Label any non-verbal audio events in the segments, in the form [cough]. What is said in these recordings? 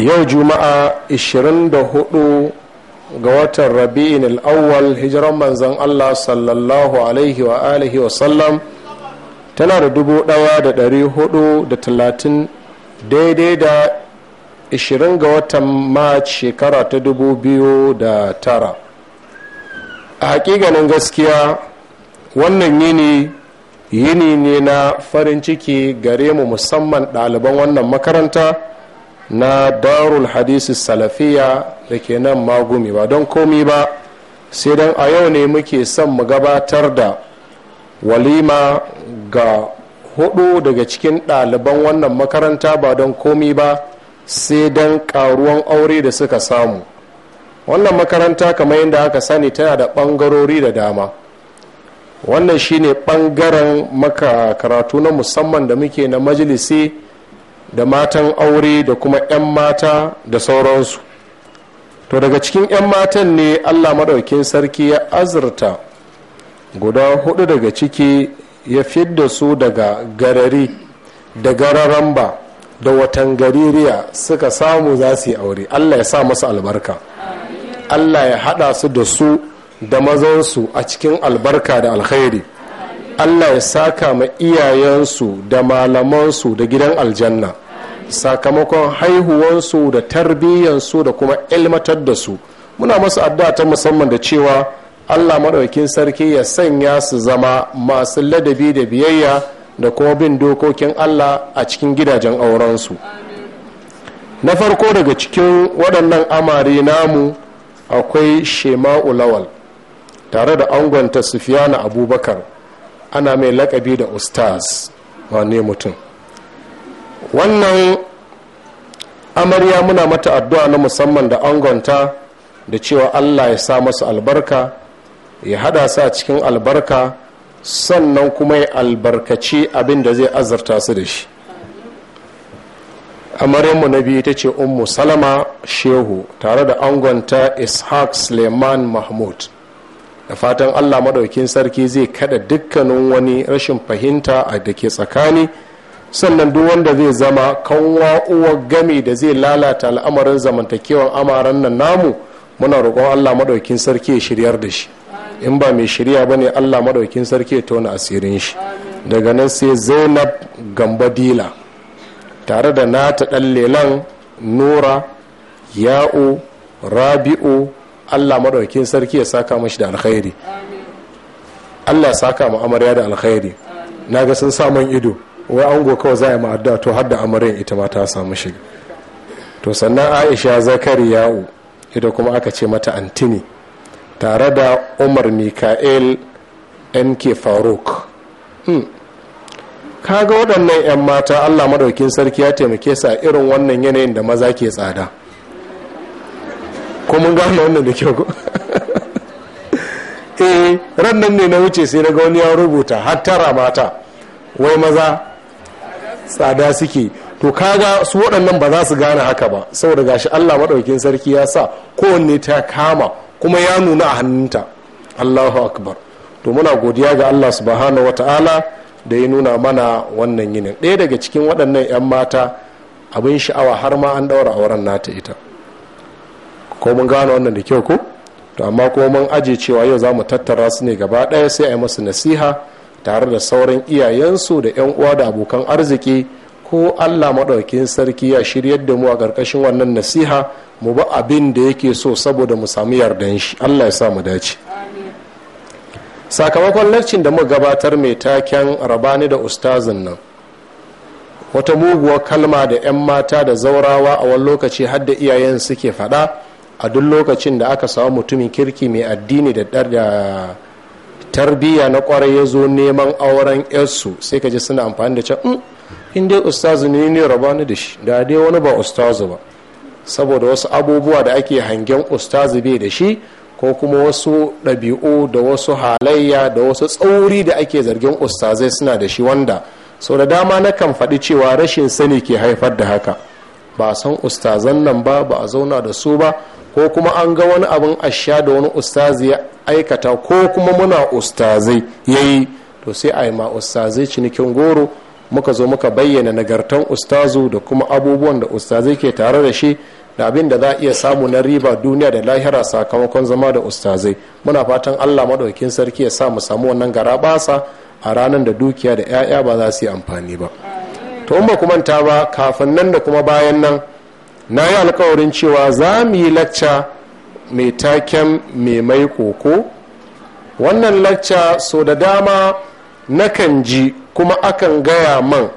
yau juma'a 24 ga watan rabi'in al'awwal hijiran manzan allah sallallahu alaihi wa alihi wa sallam tana da dubu ɗaya da dari hudu da talatin daidai da 20 ga watan march shekara ta dubu biyu da tara a hakikanin gaskiya wannan yini yini ne na farin ciki gare mu musamman ɗaliban wannan makaranta na darul hadisi salafiya da ke nan magumi ba don komi ba sai don a yau ne muke son mu gabatar da walima ga hudu daga cikin ɗaliban wannan makaranta ba don komi ba sai don karuwan aure da suka samu wannan makaranta kamar yadda aka sani tana da ɓangarori da dama wannan shine ɓangaren maka karatu na musamman da muke na majalisi da matan aure da kuma 'yan mata da sauransu to daga cikin 'yan matan ne allah maɗaukin sarki ya azurta guda hudu daga ciki ya fidda su daga garari da gararamba da watan gaririya suka samu za su yi aure allah ya sa masu albarka allah ya hada su da su da mazansu a cikin albarka da alkhairi allah ya saka ma iyayensu da malamansu da gidan aljanna sakamakon haihuwansu da tarbiyyansu da kuma ilmatar da su muna masu addu'a ta musamman da cewa allah maɗaukin sarki ya sanya su zama masu ladabi da biyayya da kuma bin dokokin allah a cikin gidajen aurensu na farko daga cikin waɗannan amari namu akwai shema'u lawal tare da angonta sufiyana abubakar ana mai lakabi da ustaz wane mutum wannan amarya muna mata addu'a na musamman da angonta da cewa allah ya sa masu albarka ya hada su a cikin albarka sannan kuma ya albarkaci abin da zai azarta su da shi amaryanmu na biyu ta ce ummu salama shehu tare da angonta ishaq suleiman mahmud da fatan allah maɗaukin sarki zai kada dukkanin wani rashin fahimta a da ke tsakani sannan duk wanda zai zama kanwa uwa gami da zai lalata al'amarin zamantakewan amaran nan namu muna roƙon allah maɗaukin sarki ya shiryar da shi in ba mai shirya ba ne allah maɗaukin sarki ya tona asirin shi daga nan sai zainab gambadila tare da nata ɗan lelan nura ya'u rabi'u allah maɗaukin sarki ya saka mashi da alkhairi allah saka mu amarya da alkhairi na ga sun samun ido wai ango kawai za a yi ma'adda to har da amaryar ita ma ta samu shiga to sannan aisha zakariya ita kuma aka ce mata antini tare da umar mikael mk faruk hmm. kaga waɗannan 'yan mata allah maɗaukin sarki ya taimake su a irin wannan yanayin da maza ke tsada ko mun wannan da kyau [laughs] eh ran nan ne na wuce sai na ga wani ya rubuta hattara mata wai maza tsada suke to kaga su waɗannan ba za su gane haka ba saboda gashi allah maɗaukin sarki ya sa kowanne ta kama kuma ya nuna a hannunta allahu akbar to muna godiya ga allah subhanahu wata'ala da ya nuna mana wannan yinin ɗaya daga cikin waɗannan 'yan mata abin sha'awa har ma an ɗaura auren nata ita ko mun gane wannan da kyau ko to amma ko mun aje cewa yau za mu tattara su ne gaba ɗaya sai a yi masu nasiha tare da sauran iyayensu da 'yan uwa da abokan arziki ko allah maɗaukin sarki ya shiryar da mu a ƙarƙashin wannan nasiha mu ba abin da yake so saboda mu samu yardan shi allah ya sa mu dace sakamakon lakcin da muka gabatar mai taken rabani da ustazin nan wata muguwar kalma da 'yan mata da zaurawa a wani lokaci har da iyayen suke faɗa a duk lokacin da aka samu mutumin kirki mai addini da tarbiyya na kwarai ya zo neman auren yarsu sai ka ji suna amfani da can mm, in dai ustazu ne ne raba ni da shi da dai wani ba ustazu ba saboda wasu abubuwa da ake hangen ustazu bai da shi ko kuma wasu ɗabi'u da wasu halayya da wasu tsauri da ake zargin ustazai suna da shi wanda sau da dama na kan faɗi cewa rashin sani ke haifar da haka ba a san ustazan nan ba ba a zauna da su ba ko kuma an ga wani abin asha da wani ustazi ya aikata ko kuma muna ustazai ya yi to sai a yi ma ustazai cinikin goro muka zo muka bayyana nagartan ustazu da kuma abubuwan da ustazai ke tare da shi da abin da za a iya samu na riba duniya da lahira sakamakon zama da ustazai muna fatan allah maɗaukin sarki ya sa mu samu wannan gara basa a ranar da dukiya da 'ya'ya ba za su yi amfani ba to in ba ku manta ba kafin nan da kuma bayan nan na yi alkawarin cewa za mu yi lacca mai taken mai mai koko wannan lacca so da dama na kan ji kuma akan gaya man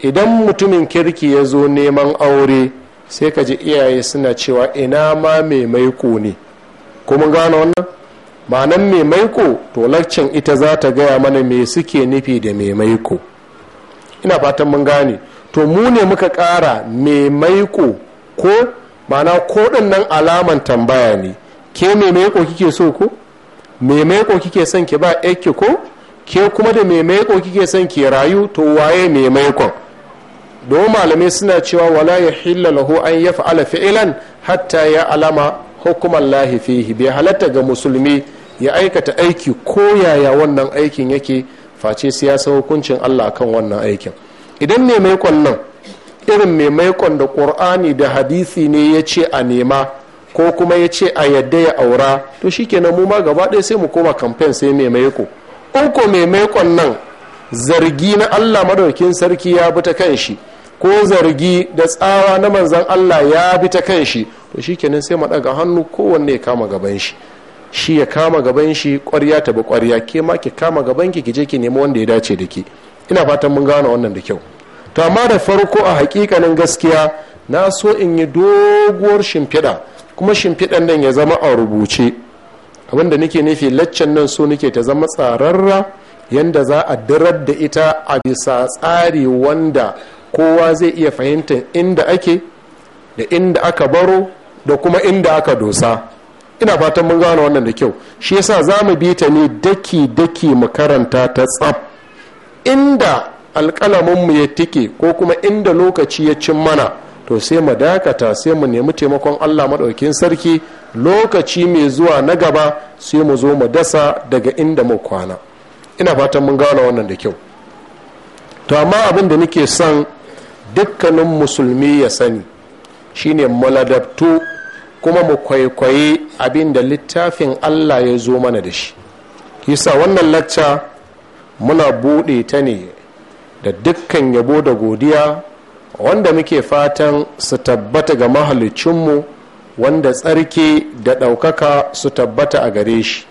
idan mutumin kirki ya zo neman aure sai ka ji iyaye suna cewa ina ma mai maiko ne kuma gane wannan ma'anan mai maiko to laccan ita za ta gaya mana me suke nufi da mai maiko ina fatan mun gane to mu ne muka ƙara mai maiko ko mana ko din nan alaman tambaya ne ke me maiko kike so ko me maiko kike son ki ba ake ko ke kuma da me maiko kike son ki rayu to waye me maikon domin malamai suna cewa wala ya hila lahu an ya fa'ala fi'ilan hatta ya alama hukuman lahi fihi bai halatta ga musulmi ya aikata aiki ko yaya wannan aikin yake face siyasa hukuncin allah kan wannan aikin idan ne maikon nan irin mai maikon da kur'ani da hadisi ne ya ce a nema ko kuma ya ce a yadda ya aura to shikenan mu ma gaba ɗaya sai mu koma kamfen sai mai maiko in mai maikon nan zargi na allah madaukin sarki ya bi ta kan shi ko zargi da tsawa na manzan allah ya bi ta kan shi to shikenan sai mu ɗaga hannu kowanne ya kama gaban shi shi ya kama gaban shi ƙwarya ta bi ƙwarya ke ma ki kama gaban ki ki je ki nemi wanda ya dace da ki ina fatan mun gane wannan da kyau to amma da farko a hakikanin gaskiya na so in yi doguwar shimfiɗa kuma shimfiɗan nan ya zama a rubuce abinda nake nufi laccan nan so nake ta zama tsararra yadda za a dirar da ita a bisa tsari wanda kowa zai iya fahimta inda ake da inda aka baro da kuma inda aka dosa ina fatan mun gane wannan da kyau shi yasa za mu bi ta ne daki daki mu karanta ta tsaf inda alƙalaminmu ya tike ko kuma inda lokaci ya cin mana to sai mu dakata sai mu nemi taimakon allah maɗaukin sarki lokaci mai zuwa na gaba sai mu zo mu dasa daga inda mu kwana ina fatan mun gane wannan da kyau to amma abin da nake son dukkanin musulmi ya sani shine maladabtu kuma mu kwaikwaye abin da littafin allah ya zo mana da shi yasa wannan lacca muna buɗe ta ne da dukkan yabo da godiya wanda muke fatan su tabbata ga mahalicinmu wanda tsarki da ɗaukaka su tabbata a gare shi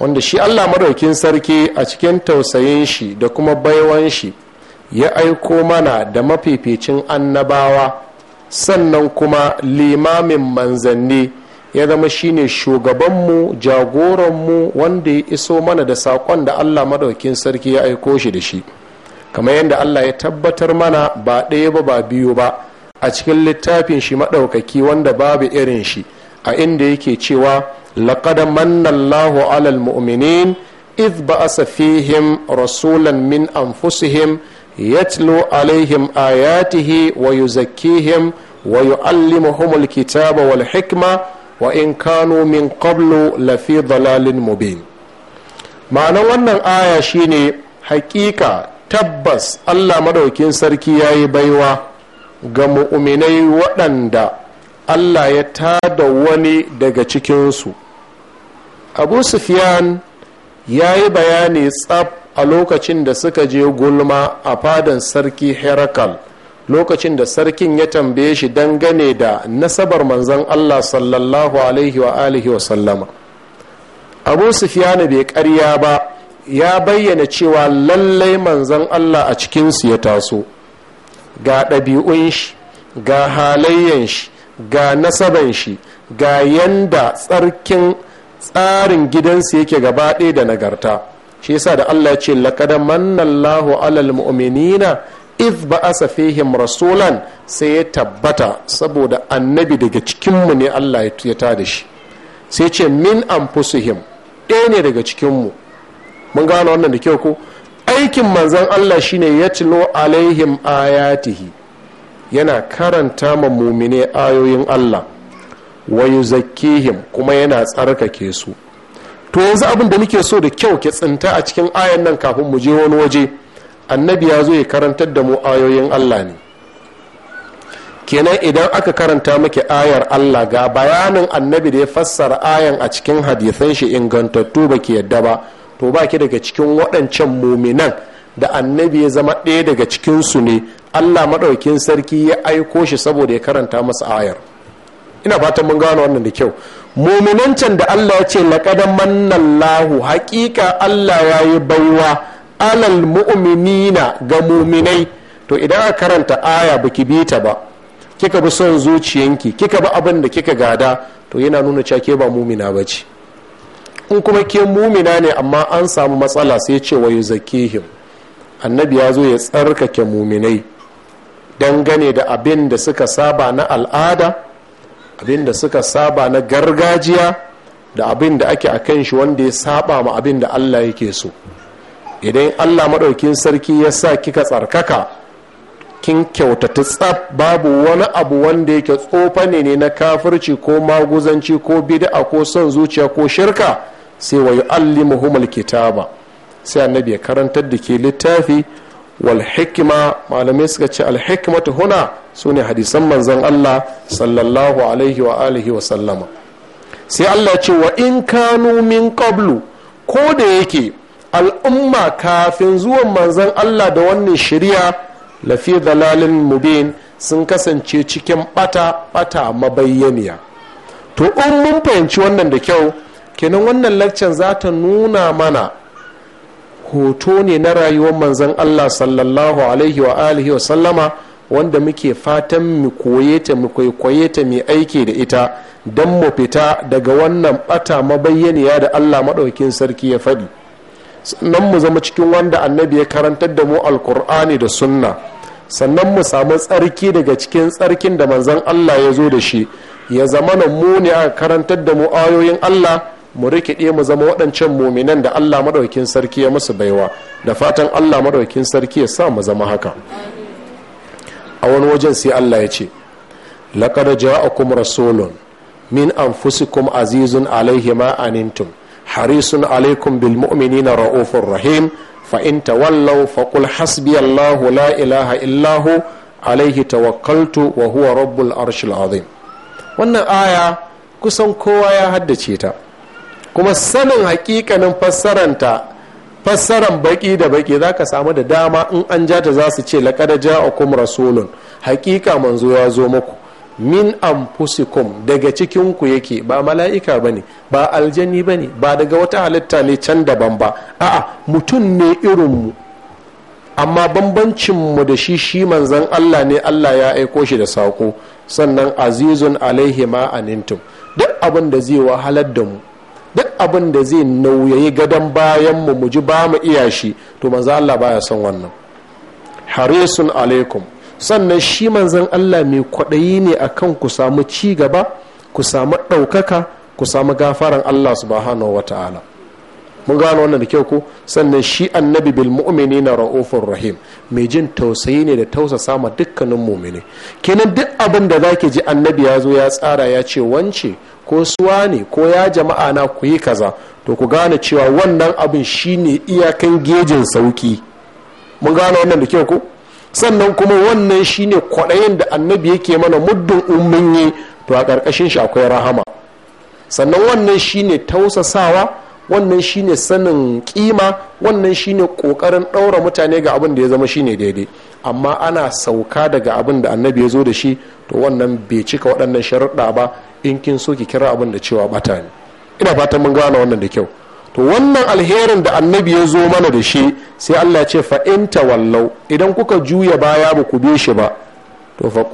wanda shi allah maɗaukin sarki a cikin tausayin shi da kuma baiwan shi ya aiko mana da mafificin annabawa sannan kuma limamin manzanni ya zama shine shugabanmu jagoranmu wanda ya iso mana da saƙon da allah maɗaukin sarki ya aiko shi da shi kamar yadda Allah ya tabbatar mana ba ɗaya ba ba biyu ba a cikin littafin shi maɗaukaki wanda babu irin shi a inda yake cewa laqad manna Allah alal mu'minin id ba'asa fihim rasulan min anfusihim yatlu alaihim ayatihi wa yuzakkihim wa yu'allimuhum alkitaba wal hikma wa in kano min qablu lafi dhalalin mubin ma'ana wannan aya shine hakika tabbas allah madaukin sarki ya yi baiwa ga mu'uminai waɗanda allah ya tada wani daga cikinsu abu sufyan ya yi bayani tsab a lokacin da suka je gulma a fadan sarki herakal lokacin da sarkin ya tambaye shi dangane da nasabar manzan allah sallallahu alaihi wa wa sallama abu sufyan bai karya ba ya bayyana cewa lallai manzan allah a cikinsu ya taso ga ɗabi'un shi ga halayyan shi ga nasaban shi ga yanda tsarkin tsarin gidansu yake gaba ɗaya da nagarta shi yasa da allah ce laƙada mannallahu alal mu'minina if ba asa fihim rasulan sai ya tabbata saboda annabi daga cikinmu ne allah ya tada shi sai ce min anfusuhim ɗaya ne daga cikinmu mun gano wannan da kyau ko aikin manzon Allah shine ya tilo alaihim ayatihi yana karanta ma mumine ayoyin Allah wayu zakihim kuma yana tsarkake su to yanzu abin da muke so da kyau ke tsinta a cikin ayan nan kafin mu je wani waje annabi ya zo ya karantar da mu ayoyin Allah ne kenan idan aka karanta maki ayar Allah ga bayanin annabi da ya fassara ayan a cikin hadisan shi ingantattu ba ke yadda ba to ba ki daga cikin waɗancan muminan da annabi ya zama ɗaya daga cikinsu ne allah maɗaukin sarki ya aiko shi saboda ya karanta masa ayar ina fatan mun gano wannan da kyau muminancan da allah ya ce laƙadan lahu haƙiƙa allah ya yi baiwa alal mu'minina ga muminai to idan a karanta aya baki bi ta ba kika bi son zuciyanki kika bi abin da kika gada to yana nuna cewa ke ba mumina ba ce in kuma ke mumina ne amma an samu matsala sai ce wa zakihim annabi ya zo ya tsarkake muminai dangane da abin da suka saba na al'ada abin da suka saba na gargajiya da abin da ake a kan shi wanda ya saba ma abin da allah yake so idan allah maɗaukin sarki ya sa kika tsarkaka kin kyautata tsaf babu wani abu wanda yake tsofa ne na kafirci ko maguzanci ko bid'a ko son zuciya ko shirka sai wa yu'allimuhum alkitaba sai annabi ya karantar da ke littafi wal hikima malamai suka ce al hikmatu huna sune hadisan manzon Allah sallallahu alaihi wa alihi wa sallama sai Allah ce wa in kanu min qablu ko da yake al'umma kafin zuwan manzon Allah da wannan shari'a lafi dalalin mubin sun kasance cikin bata bata mabayyaniya to in mun fahimci wannan da kyau kenan wannan laccan za ta nuna mana hoto ne na rayuwar manzan allah sallallahu alaihi wa alihi wa sallama wanda muke fatan mu koye ta mu kwaikwaye ta mai aiki da ita don mu fita daga wannan bata mabayyaniya da allah maɗaukin sarki ya faɗi sannan mu zama cikin wanda annabi ya karantar da mu alkur'ani da sunna sannan mu samu tsarki daga cikin tsarkin da manzan allah ya zo da shi ya zama mu ne aka karantar da mu ayoyin allah mu rikide mu zama waɗancan muminan da Allah maɗaukin sarki ya musu baiwa da fatan Allah maɗaukin sarki ya sa mu zama haka a wani wajen sai Allah ya ce laqad ja'akum rasulun min anfusikum azizun alaihi ma anintum harisun alaikum bil mu'minina ra'ufur rahim fa in tawallaw faqul hasbiyallahu la ilaha illahu alaihi tawakkaltu wa huwa rabbul arshil azim wannan aya kusan kowa ya haddace ta kuma sanin hakikanin fassaranta fassaran baki da baki za ka samu da dama in an ja ta za su ce laƙada ja'akum rasulun hakika manzo ya zo muku min anfusikum daga cikin ku yake ba mala'ika bane ba aljani bane ba daga wata halitta ne can daban ba a'a mutum ne irin mu amma mu da shi shi manzan Allah ne Allah ya aiko shi da saƙo sannan azizun alaihi ma anintum duk abin da zai wahalar da mu duk abin da zai nauyayi gadon bayan mu mu ji ba mu iya shi to manzo Allah baya son wannan harisun alaikum sannan shi manzon Allah mai kwaɗayi ne akan ku samu ci gaba ku samu ɗaukaka ku samu gafaran Allah subhanahu wa mun gano wannan da kyau ko sannan shi annabi bil mu'mini na ra'ufur rahim mai jin tausayi ne da tausasa ma dukkanin mu'mini kenan duk abin da zaki ji annabi ya zo ya tsara ya ce wance ko suwa ne ko ya jama'a na ku yi kaza to ku gane cewa wannan abin shi ne iyakan gejin sauki mun gano wannan da kyau ko sannan kuma wannan shi ne kwaɗayin da annabi yake mana muddin ummin to a ƙarƙashin shi akwai rahama sannan wannan shi ne tausasawa wannan shine sanin kima wannan shine kokarin ɗaura mutane ga abin da ya zama shine daidai amma ana sauka daga abin da annabi ya zo da shi to wannan bai cika waɗannan sharuɗa ba in kin so ki kira abin da cewa bata ne ina fatan mun gane wannan da kyau to wannan alherin da annabi ya zo mana da shi sai allah ce fa in tawallau idan kuka juya baya ba ku bi shi ba to fa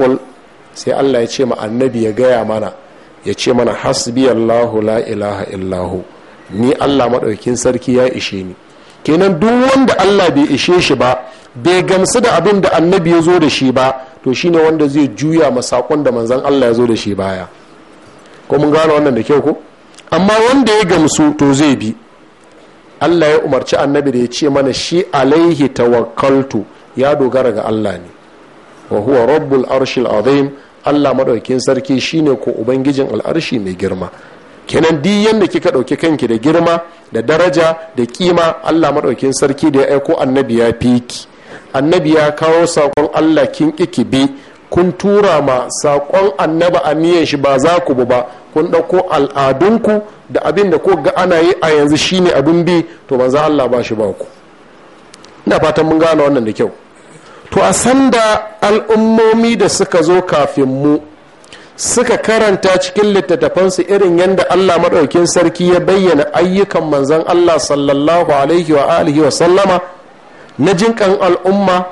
sai allah ya ce ma annabi ya gaya mana ya ce mana hasbi allahu la ilaha illahu ni allah maɗaukin sarki ya ishe ni kenan duk wanda allah bai ishe shi ba bai gamsu da abin da annabi ya zo da shi ba to shine wanda zai juya masakon da manzan allah ya zo da shi baya ko mun gano wannan da kyau ko amma wanda ya gamsu to zai bi allah ya umarci annabi da ya ce mana shi alaihi tawakkaltu ya dogara ga allah ne wa huwa rabbul arshil azim allah maɗaukin sarki shine ko ubangijin al'arshi mai girma kenan duk yadda kika ɗauki kanki da girma da daraja da kima allah maɗaukin sarki da ya aiko annabi ya fi annabi ya kawo sakon allah kin ki bi kun tura ma sakon annaba a shi ba za ku ba kun ɗauko al'adunku da abin da ko ga ana yi a yanzu shine abin bi to banza allah ba shi ba ku ina fatan mun gane wannan da kyau to a sanda al'ummomi da suka zo kafin mu suka karanta cikin littattafansu irin yadda allah maɗaukin sarki ya bayyana ayyukan manzan allah sallallahu alaihi wa alihi wa sallama na jinkan al'umma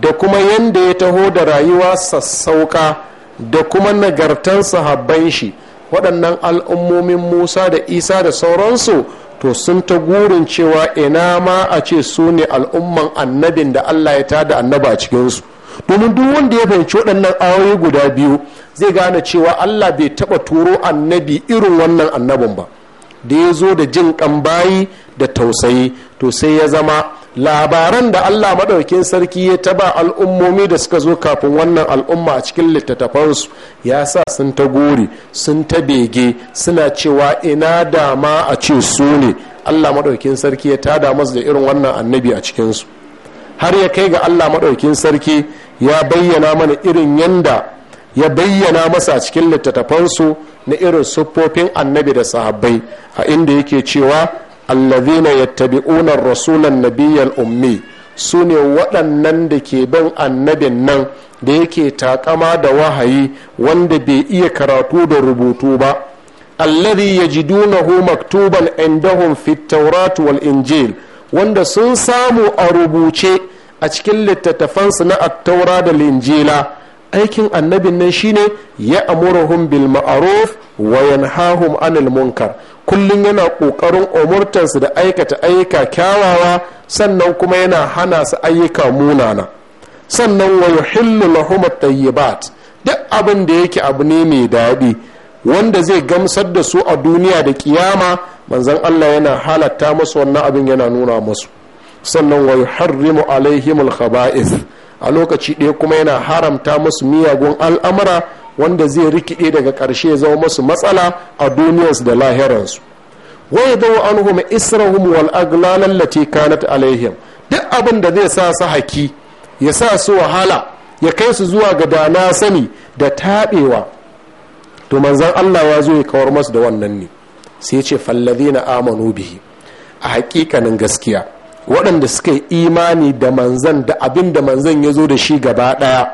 da kuma yadda ya taho da rayuwa sassauka da kuma nagartan sahabban shi waɗannan al'ummomin musa da isa da sauransu to sun ta gurin cewa ina ma a ce su ne al'umman annabin da allah ya tada annaba a cikinsu domin duk wanda ya fahimci waɗannan ayoyi guda biyu zai gane cewa allah bai taba turo annabi irin wannan annabin ba da ya zo da jin kan da tausayi to sai ya zama labaran da allah maɗaukin sarki ya taba al'ummomi da suka zo kafin wannan al'umma a cikin littattafansu ya sa sun ta gori sun ta bege suna cewa ina dama a ce su ne allah maɗaukin sarki ya tada masu da irin wannan annabi a cikinsu har ya kai ga allah maɗaukin sarki ya bayyana mana irin yanda ya bayyana masa cikin littattafansu na irin siffofin annabi da sahabbai a inda yake cewa allazina yattabi'una rasulan nabiyyal ummi su ne waɗannan da ke bin annabin nan da yake takama da wahayi wanda bai iya karatu da rubutu ba allazi yajidunahu maktuban indahum fit tawrat wal injil wanda sun samu a rubuce a cikin littattafansu na attaura da linjila aikin annabin nan shine ya amurahum bil ma'ruf wa yanhahum anil munkar kullum yana kokarin umurtansu da aikata ayyuka kyawawa sannan kuma yana hana su ayyuka munana sannan wa yuhillu lahum at duk abin da yake abu ne mai daɗi wanda zai gamsar da su a duniya da kiyama manzon Allah yana halatta musu wannan abin yana nuna musu sannan wa yuharrimu alaihimul khaba'ith a lokaci ɗaya kuma yana haramta musu miyagun al'amura wanda zai rikide daga ƙarshe zama musu matsala a duniyarsu da lahiransu wai dawo an huma isra'um wal aglal lati kanat alaihim duk abin da zai sa su haki ya sa su wahala ya kai su zuwa ga dana sani da tabewa to manzon allah ya zo ya kawar masu da wannan ne sai ce fallazina amanu bihi a hakikanin gaskiya waɗanda suka yi imani da manzan da abin da manzan ya zo da shi gaba ɗaya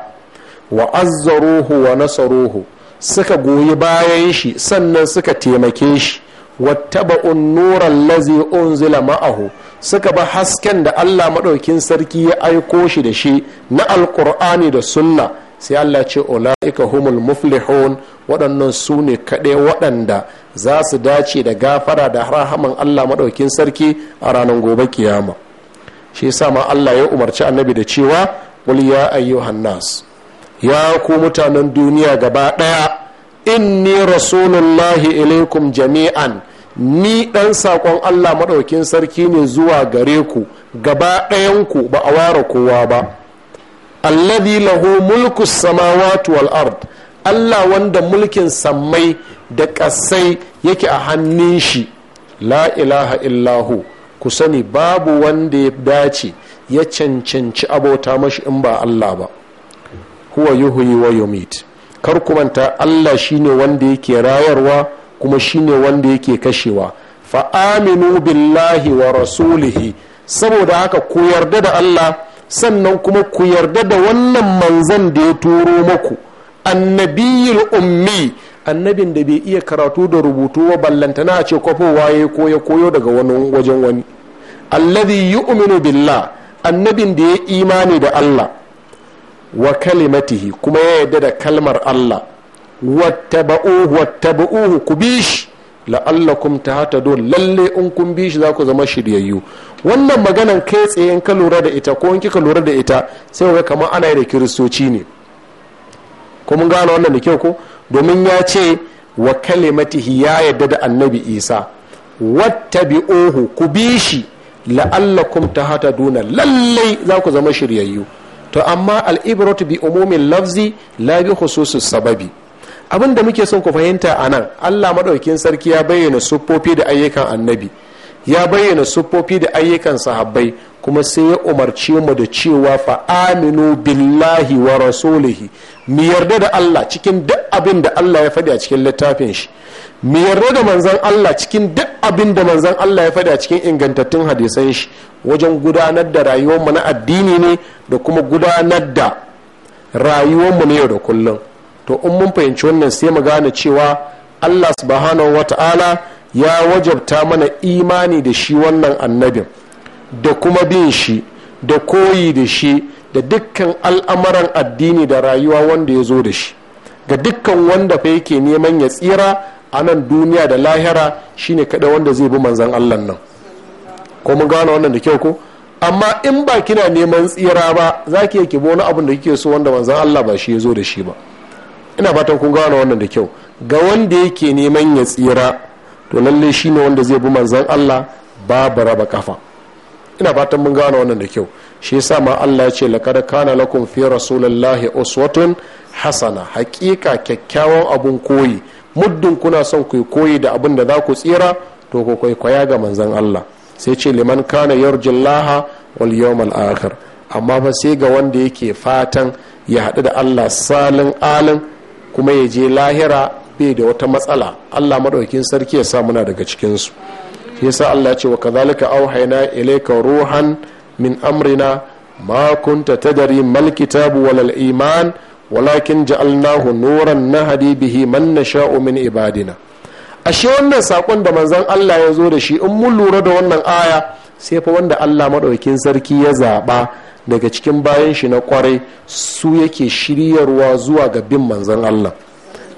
wa azzaruhu wa nasaruhu suka goyi bayan shi sannan suka taimake shi wattaba'un nuran lazi unzila ma'ahu suka ba hasken da Allah maɗaukin sarki ya aiko shi da shi na alƙur'ani da sunna sai Allah ce ula'ika humul muflihun waɗannan su ne kaɗai waɗanda za su dace da gafara da rahaman Allah maɗaukin sarki a ranar gobe kiyama shi yasa ma Allah ya umarci annabi da cewa wal ya ayyuhan nas ya ku mutanen duniya gaba daya inni rasulullahi ilaikum jami'an ni dan sakon Allah madaukin sarki ne zuwa gare ku gaba ku ba a ware kowa ba alladhi lahu mulku samawati wal ard Allah wanda mulkin sammai da ƙasai yake a hannun shi la ilaha illahu ku sani babu wanda ya dace ya cancanci abota mashi in ba Allah ba huwa yuhyi wa yumit kar ku manta Allah shine wanda yake rayarwa kuma shine wanda yake kashewa fa aminu billahi wa rasulihi saboda haka ku yarda da Allah sannan kuma ku yarda da wannan manzan da ya turo maku annabiyul ummi annabin da bai iya karatu da rubutu ba ballantana a ce kwafowa ya koyo daga wani wajen wani alladhi yu'minu billah annabin da ya imani da Allah wa kalimatihi kuma ya yarda da kalmar Allah wattaba'uhu wattaba'uhu ku bi shi la'allakum tahtadun lalle in kun bi shi za ku zama shiryayyu wannan maganan kai tsaye in ka lura da ita ko in kika lura da ita sai ga kamar ana da kiristoci ne ko mun gano wannan da kyau ko domin ya ce wa kalimatihi ya yarda da annabi isa wattabi'uhu ku bi shi la'allakum ta hata duna lallai za ku zama shiryayyu to amma al'ibratu bi umumin lafzi la bi khususus sababi abin da muke son ku fahimta a nan allah maɗaukin sarki ya bayyana siffofi da ayyukan annabi ya bayyana siffofi da ayyukan sahabbai kuma sai ya umarce mu da cewa fa aminu billahi wa rasulihi mu yarda da Allah cikin duk abin da Allah ya faɗi a cikin littafin shi mu yarda da manzon Allah cikin duk abin da manzon Allah ya faɗi a cikin ingantattun hadisan shi wajen gudanar da rayuwar mu na addini ne da kuma gudanar da rayuwar mu ne yau da kullum to in mun fahimci wannan sai mu gane cewa Allah subhanahu wata'ala ya wajabta mana imani da shi wannan annabin da kuma bin shi da koyi da shi da dukkan al'amuran addini da rayuwa wanda ya zo da shi ga dukkan wanda fa yake neman ya tsira a nan duniya da lahira shine kada wanda zai bi manzan allah nan ko mun gane wannan da kyau ko amma in ba kina neman tsira ba za ki yake wani abin da kike so wanda manzan allah ba shi ya zo da shi ba ina fatan kun gane wannan da kyau ga wanda yake neman ya tsira to lalle shine wanda zai bi manzan allah babu raba kafa ina fatan mun gane wannan da kyau shi yasa ma Allah ya ce laqad kana lakum fi rasulillahi uswatun hasana hakika kyakkyawan abun koyi muddin kuna son ku koyi da abin da za ku tsira to ku kwaikwaya ga manzon Allah sai ce liman kana yarjillaha wal yawmal akhir amma fa sai ga wanda yake fatan ya haɗu da Allah salin alin kuma ya je lahira bai da wata matsala Allah madaukin sarki ya sa muna daga cikin su yasa Allah ce wa kazalika auhayna ilayka ruhan min amrina ma kunta tadri mal kitabu wal iman walakin ja'alnahu nuran nahdi bihi man nasha'u min ibadina ashe wannan sakon da manzon Allah ya zo da shi in mun lura da wannan aya sai fa wanda Allah madaukin sarki ya zaba daga cikin bayan shi na kwarai su yake shiryarwa zuwa ga bin manzon Allah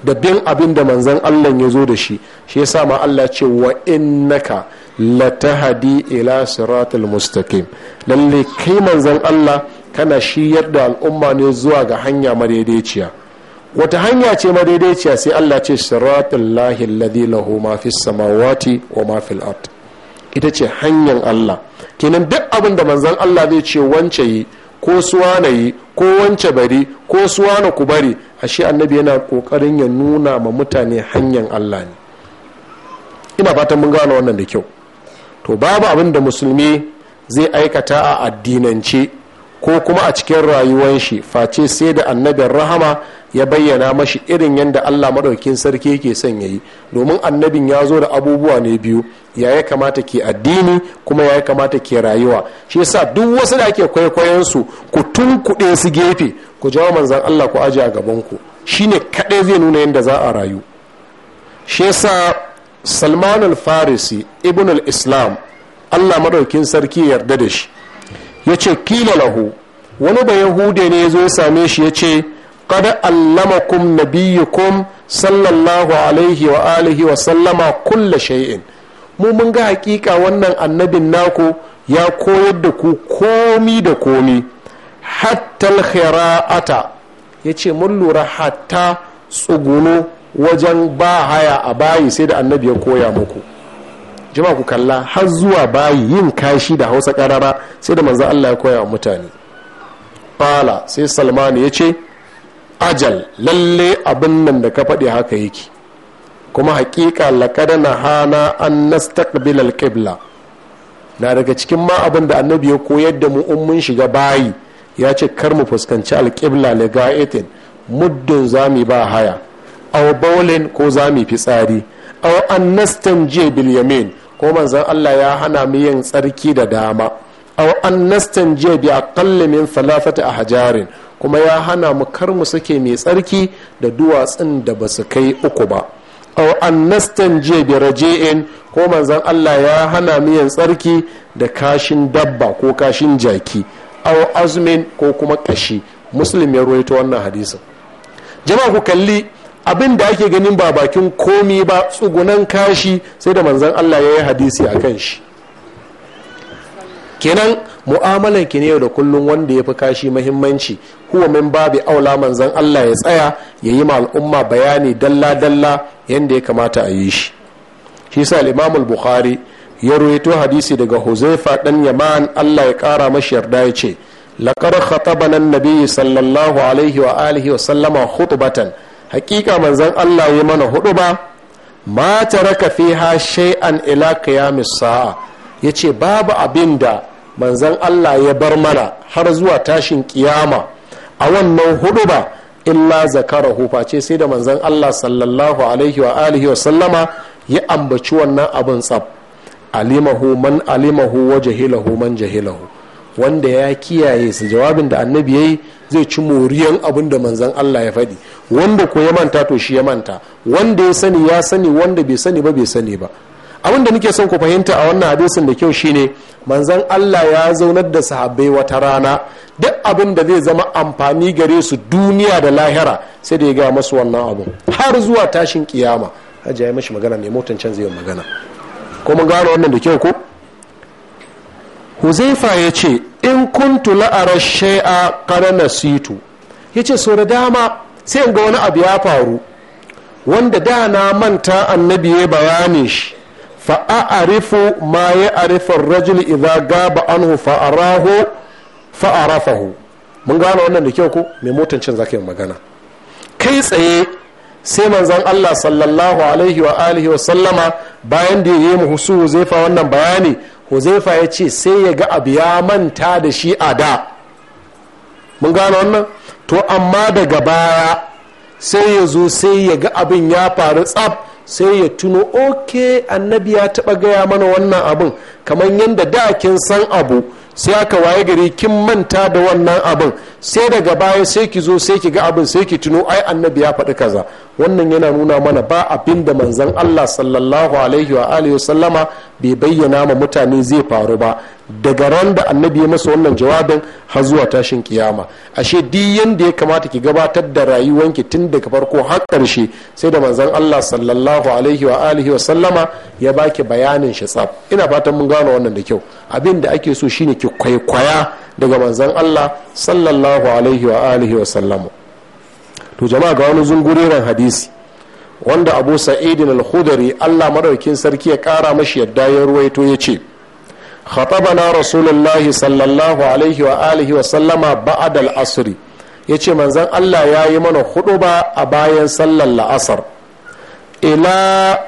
da bin abin da manzan allah ya zo da shi shi ya sa ma allah ce wa innaka latahadi ila siratul mustaqim lalle kai manzan allah kana shiyar da al'umma ne zuwa ga hanya madaidaiciya wata hanya ce madaidaiciya sai allah ce siratul lahi alladhi lahu ma fis samawati wa ma fil ard ita ce hanyar allah kenan duk abin da manzan allah zai ce wance yi ko suwa na yi ko wance bari ko na ku bari ashe annabi yana kokarin ya nuna ma mutane hanyar allah ne ina fatan mun gano wannan da kyau to babu abin da musulmi zai aikata a addinance ko kuma a cikin rayuwan shi face sai da annabin rahama ya bayyana mashi irin yadda allah maɗaukin sarki yake son yayi domin annabin ya zo da abubuwa ne biyu ya ya kamata ke addini kuma ya ya kamata ke rayuwa shi yasa duk wasu da ake kwaikwayon su ku tunkuɗe su gefe ku jawo manzan Allah ku aji a gabanku ne kaɗai zai nuna yadda za a rayu shi yasa salman al-farisi ibn al-islam Allah maɗaukin sarki yarda da shi ya ce kila lahu wani ba yahude ne ya zo ya same shi ya ce kada allamakum nabiyyukum sallallahu alaihi wa alihi wa sallama kulla shay'in mu mun ga hakika wannan annabin naku ya koyar da ku komi da komi hatta khira'ata ya ce mun lura hatta tsugunu wajen ba haya a bayi sai da annabi ya koya muku jima ku kalla har zuwa bayi yin kashi da hausa karara sai da manzo allah ya koya wa mutane fala sai salman ya ce ajal lalle abin nan da ka faɗi haka yake kuma haƙiƙa laƙada na hana an nastaqbil alqibla na daga cikin ma abin da annabi ya koyar da mu in mun shiga bayi ya ce kar mu fuskanci alƙibla ligaitin muddin zami ba haya aw bawlin ko zami fitsari aw an je bil yamin ko manzon Allah ya hana mu yin tsarki da dama aw an je bi aqall min thalathati ahjarin kuma ya hana mu kar mu suke mai tsarki da duwatsun da ba su kai uku ba aw an je bi raje'in ko manzon Allah ya hana mu yin tsarki da kashin dabba ko kashin jaki aw azmin ko kuma kashi muslim ya ruwaito wannan hadisin jama'a ku kalli abin da ake ganin ba bakin komi ba tsugunan kashi sai da manzan Allah ya yi hadisi a kan shi kenan mu'amalan ki ne yau da kullum wanda ya fi kashi mahimmanci huwa min babi aula manzan Allah ya tsaya ya yi al'umma bayani dalla dalla yadda ya kamata a yi shi shi sa imamul buhari bukhari ya ruwaito hadisi daga huzaifa dan yaman allah ya kara mashi yarda ya ce laqad khatabana an-nabi sallallahu alaihi wa alihi wa sallama khutbatan hakika manzon allah ya mana huduba ma taraka fiha shay'an ila qiyamis sa'a yace babu abinda manzon allah ya bar mana har zuwa tashin kiyama a wannan huduba illa zakarahu face sai da manzon allah sallallahu alaihi wa alihi wa sallama ya ambaci wannan abin tsab alimahu man alimahu wa jahilahu man jahilahu wanda ya kiyaye su jawabin da annabi yayi zai ci moriyan abin da manzon Allah ya faɗi wanda ko ya manta to shi ya manta wanda ya sani ya sani wanda bai sani ba bai sani ba abin da nake son ku fahimta a wannan hadisin da kyau shine manzon Allah ya zaunar da sahabbai wata rana duk abin da zai zama amfani gare su duniya da lahira sai da ya gaya masu wannan abu har zuwa tashin kiyama hajji mashi magana ne motan can zai magana ko mun gano wannan da kyau ko huzaifa ya ce in kuntu la'ara shai'a karana situ ya ce sau da dama sai ga wani abu ya faru wanda da na manta annabi ya bayani shi fa'arifu ma ya arifar rajul idza gaba anhu fa'arahu fa'arafahu mun gano wannan da kyau ko mai motancin zaka yi magana kai tsaye sai manzon Allah sallallahu alaihi wa alihi wa sallama bayan da yayi husu Huzaifa wannan bayani Huzaifa ya ce sai ya ga abu ya manta da shi a da mun gano wannan to amma daga baya sai ya zo sai ya ga abin ya faru tsaf sai ya tuno oke annabi ya taba gaya mana wannan abin kamar yadda da kin san abu sai aka waye gari kin manta da wannan abin sai daga baya sai ki zo sai ki ga abin sai ki tuno ai annabi ya faɗi kaza wannan yana nuna mana ba abin da manzon Allah sallallahu alaihi wa alihi sallama bai bayyana ma mutane zai faru ba daga ran da annabi ya masa wannan jawabin har zuwa tashin kiyama ashe duk yanda ya kamata ki gabatar da rayuwanki tun daga farko har karshe sai da manzon Allah sallallahu alaihi wa alihi wa sallama ya baki bayanin shi tsaf ina fatan mun gano wannan da kyau abin da ake so shine ki kwaikwaya daga manzon Allah sallallahu alaihi wa alihi wa sallama to jama'a ga wani zunguriran hadisi wanda abu Sa'id al khudri Allah madaukin sarki ya kara mashi yadda ya ruwaito ya ce khatabana rasulullahi sallallahu alaihi wa alihi wa sallama ba'adal asri ya ce manzan allah ya yi mana huɗu ba a bayan sallar la'asar ila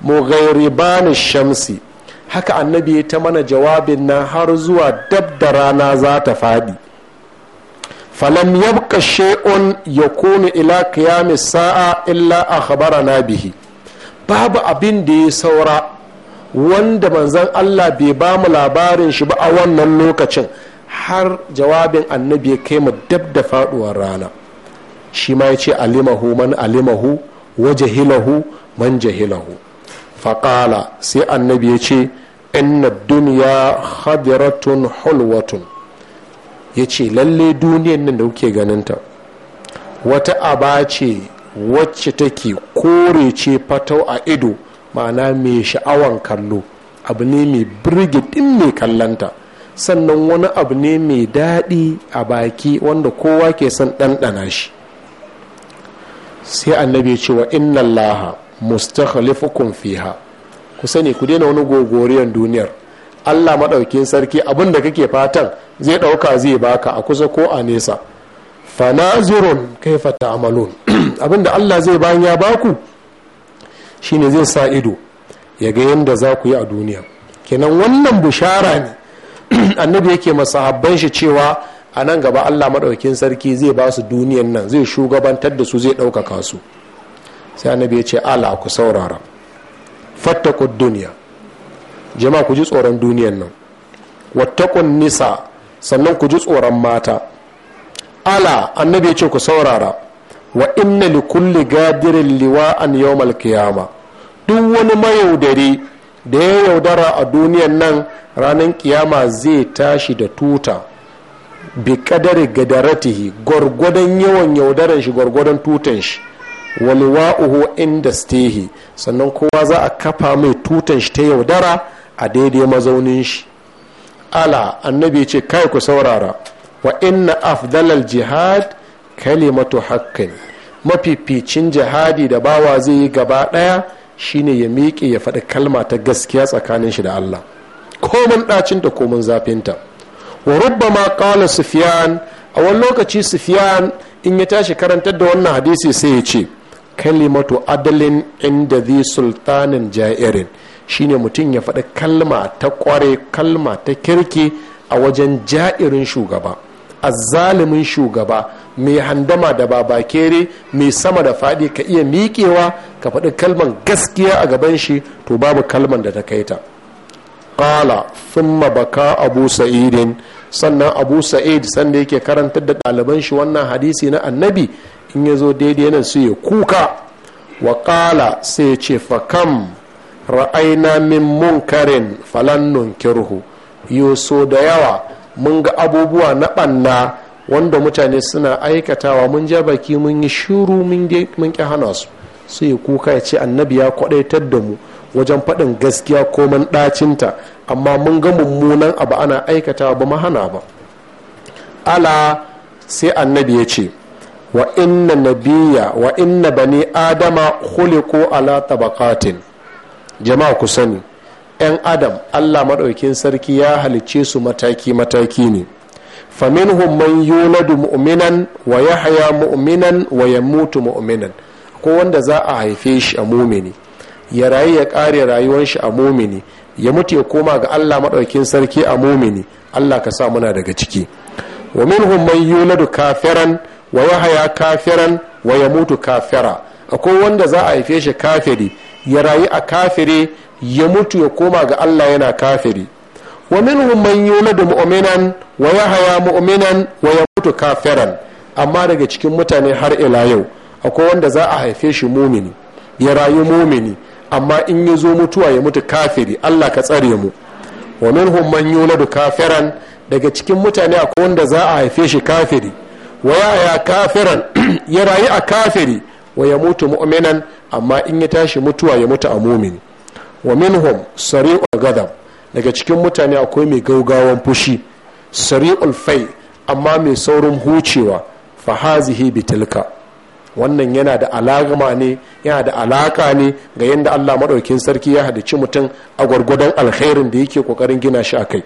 mughairibani shamsi haka annabi ya ta mana jawabin nan har zuwa dab da rana za ta faɗi falam yabqa shay'un yakunu ila qiyamis sa'a illa akhbarana bihi babu abin da ya saura wanda manzan allah bai ba mu labarin shi ba a wannan lokacin har jawabin annabi ya kai mu dab da faduwar rana shi ma ya ce alimahu man alimahu wa jahilahu man jahilahu faƙala sai annabi ya ce inna duniya hadiratun hulwatun ya ce lalle duniyan nan da kuke ganinta wata aba ce wacce take kore ce fatau a ido ma'ana mai sha'awan kallo abu ne mai birgidin mai kallanta sannan wani abu ne mai daɗi a baki wanda kowa ke son ɗanɗana shi sai annabi cewa inna allaha mustakhlifukum fiha ku sani ku daina wani gogoriyan duniyar allah maɗaukin sarki abin da kake fatan zai ɗauka zai baka a kusa ko a nesa fanazirun kaifa ta'malun [clears throat] abin da allah zai bayan ya baku shi ne zai sa ido ya ga yadda za ku yi a duniya kenan wannan bushara ne [clears throat] annabi yake masahabban shi cewa a nan gaba allah maɗaukin sarki zai ba su duniyan nan zai shugabantar da su zai ɗaukaka su sai annabi ya ce ala ku saurara fattaku duniya jama'a ku ji tsoron duniyan nan wattakun nisa sannan ku ji tsoron mata ala annabi ya ce ku saurara wa inna li kulli gadirin an yawmal qiyama duk wani mayaudari da ya yaudara a duniyan nan ranar kiyama zai tashi da tuta bi kadari gadaratihi gwargwadon yawan yaudarar shi gwargwadon tutan shi waliwa'uhu inda stehi sannan kowa za a kafa mai tutan shi ta yaudara a daidai mazaunin shi ala annabi ce kai ku saurara wa inna afdalal jihad kalimatu haƙƙin mafificin jihadi da bawa zai yi gaba ɗaya shine ya miƙe ya faɗi kalma ta gaskiya tsakanin shi da Allah komin ɗacinta komin zafinta wa ma ƙala sufiyan a wani lokaci sufiyan in ya tashi karantar da wannan hadisi sai ya ce kalimatu adalin inda zai sultanin ja'irin shine mutum ya faɗi kalma ta ƙware kalma ta kirki a wajen ja'irin shugaba a zalimin shugaba mai handama da babakere mai sama da faɗi ka iya miƙewa ka faɗi kalman gaskiya a gaban shi to babu kalman da ta kai ta qala thumma baka abu sa'idin sannan abu sa'id sanda yake karantar da ɗaliban shi wannan hadisi na annabi in ya zo daidai nan su ya kuka wa ƙala sai ce fakam ra'aina min munkarin kirhu kirhu yoso da yawa mun ga abubuwa na ɓanna wanda mutane suna aikatawa mun ja baki mun yi shiru mun ƙi hana su sai ya kuka ya ce annabi ya kwaɗaitar da mu wajen faɗin gaskiya ko man ɗacinta amma mun ga mummunan abu ana aikatawa ba mahana ba ala sai annabi ya ce wa inna nabiya wa inna bani adama khuliqu ala tabaqatin jama'a ku sani 'yan adam allah maɗaukin sarki ya halicce su mataki-mataki ne faminhum man yuladu mu'minan wa yahya mu'minan wa yamutu mu'minan ko wanda za a haife shi a mumini ya rayu ya kare rayuwar shi a mumini ya mutu ya koma ga Allah madaukin sarki a mumini Allah ka sa muna daga ciki wa minhum man yuladu kafiran wa yahya kafiran wa yamutu kafira akwai wanda za a haife shi kafiri ya rayu a kafiri ya mutu ya koma ga Allah yana kafiri ومنهم من يولد مؤمنا mu'minan مؤمنا ويموت mu'minan kafiran amma daga cikin mutane har ila yau akwai wanda za a haife shi mumini ya rayu mumini amma in ya zo mutuwa ya mutu kafiri Allah ka tsare mu wa minhum man yuladu kafiran daga cikin mutane akwai wanda za a haife shi kafiri wa ya kafiran [clears throat] ya rayu a kafiri wa ya mutu mu'minan amma in ya tashi mutuwa ya mutu a mumini wa minhum sari'ul ghadab daga cikin mutane akwai mai gaugawan fushi sari'ul fai amma mai saurin hucewa fahazihi bitilka wannan yana da alagama ne yana da alaka ne ga yadda allah maɗaukin sarki ya hadici mutum a gwargwadon alkhairin da yake ƙoƙarin gina shi a kai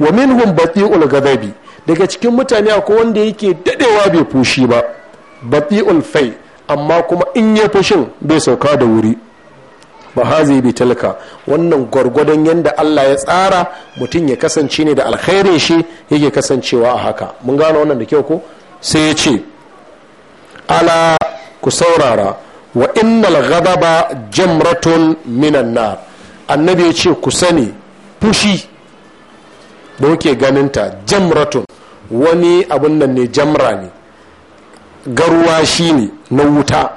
wa minhum bati'ul gadabi daga cikin mutane akwai wanda yake dadewa bai fushi ba bati'ul fai amma kuma in ya fushin bai sauka da wuri ba hazi bi talka wannan gwargwadon yadda Allah ya tsara mutum ya kasance ne da alkhairin shi yake kasancewa a haka mun gano wannan da kyau ko sai ya ce ala ku saurara wa innal ghadaba jamratun minan nar annabi ya ce ku sani fushi da kuke ganinta jamratun wani abun nan ne jamra ne garuwa shi ne na wuta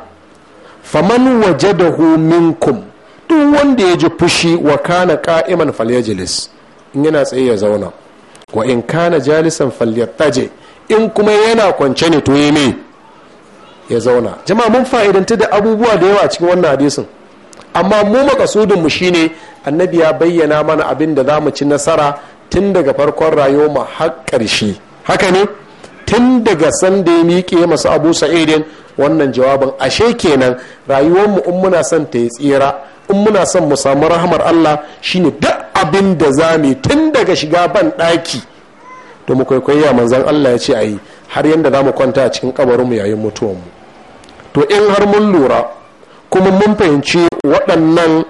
faman wajadahu minkum duk wanda ya ji fushi wa kana ka'iman falyajlis in yana tsaye ya zauna wa in kana jalisan falyattaje in kuma yana kwance ne to yi ya zauna jama'a mun fa'idanta da abubuwa da yawa cikin wannan hadisin amma mu makasudin mu shine annabi ya bayyana mana abin da za mu ci nasara tun daga farkon rayuwa mu har ƙarshe haka ne tun daga san ya miƙe masu abu sa'idin wannan jawabin ashe kenan rayuwar mu in muna son ta yi tsira in muna son mu samu rahamar Allah shine duk abin da za mu tun daga shiga ban ɗaki da mu kwaikwayya manzan Allah ya ce a yi har yadda za mu kwanta a cikin kabarinmu yayin mutuwanmu to in har mun lura kuma mun fahimci waɗannan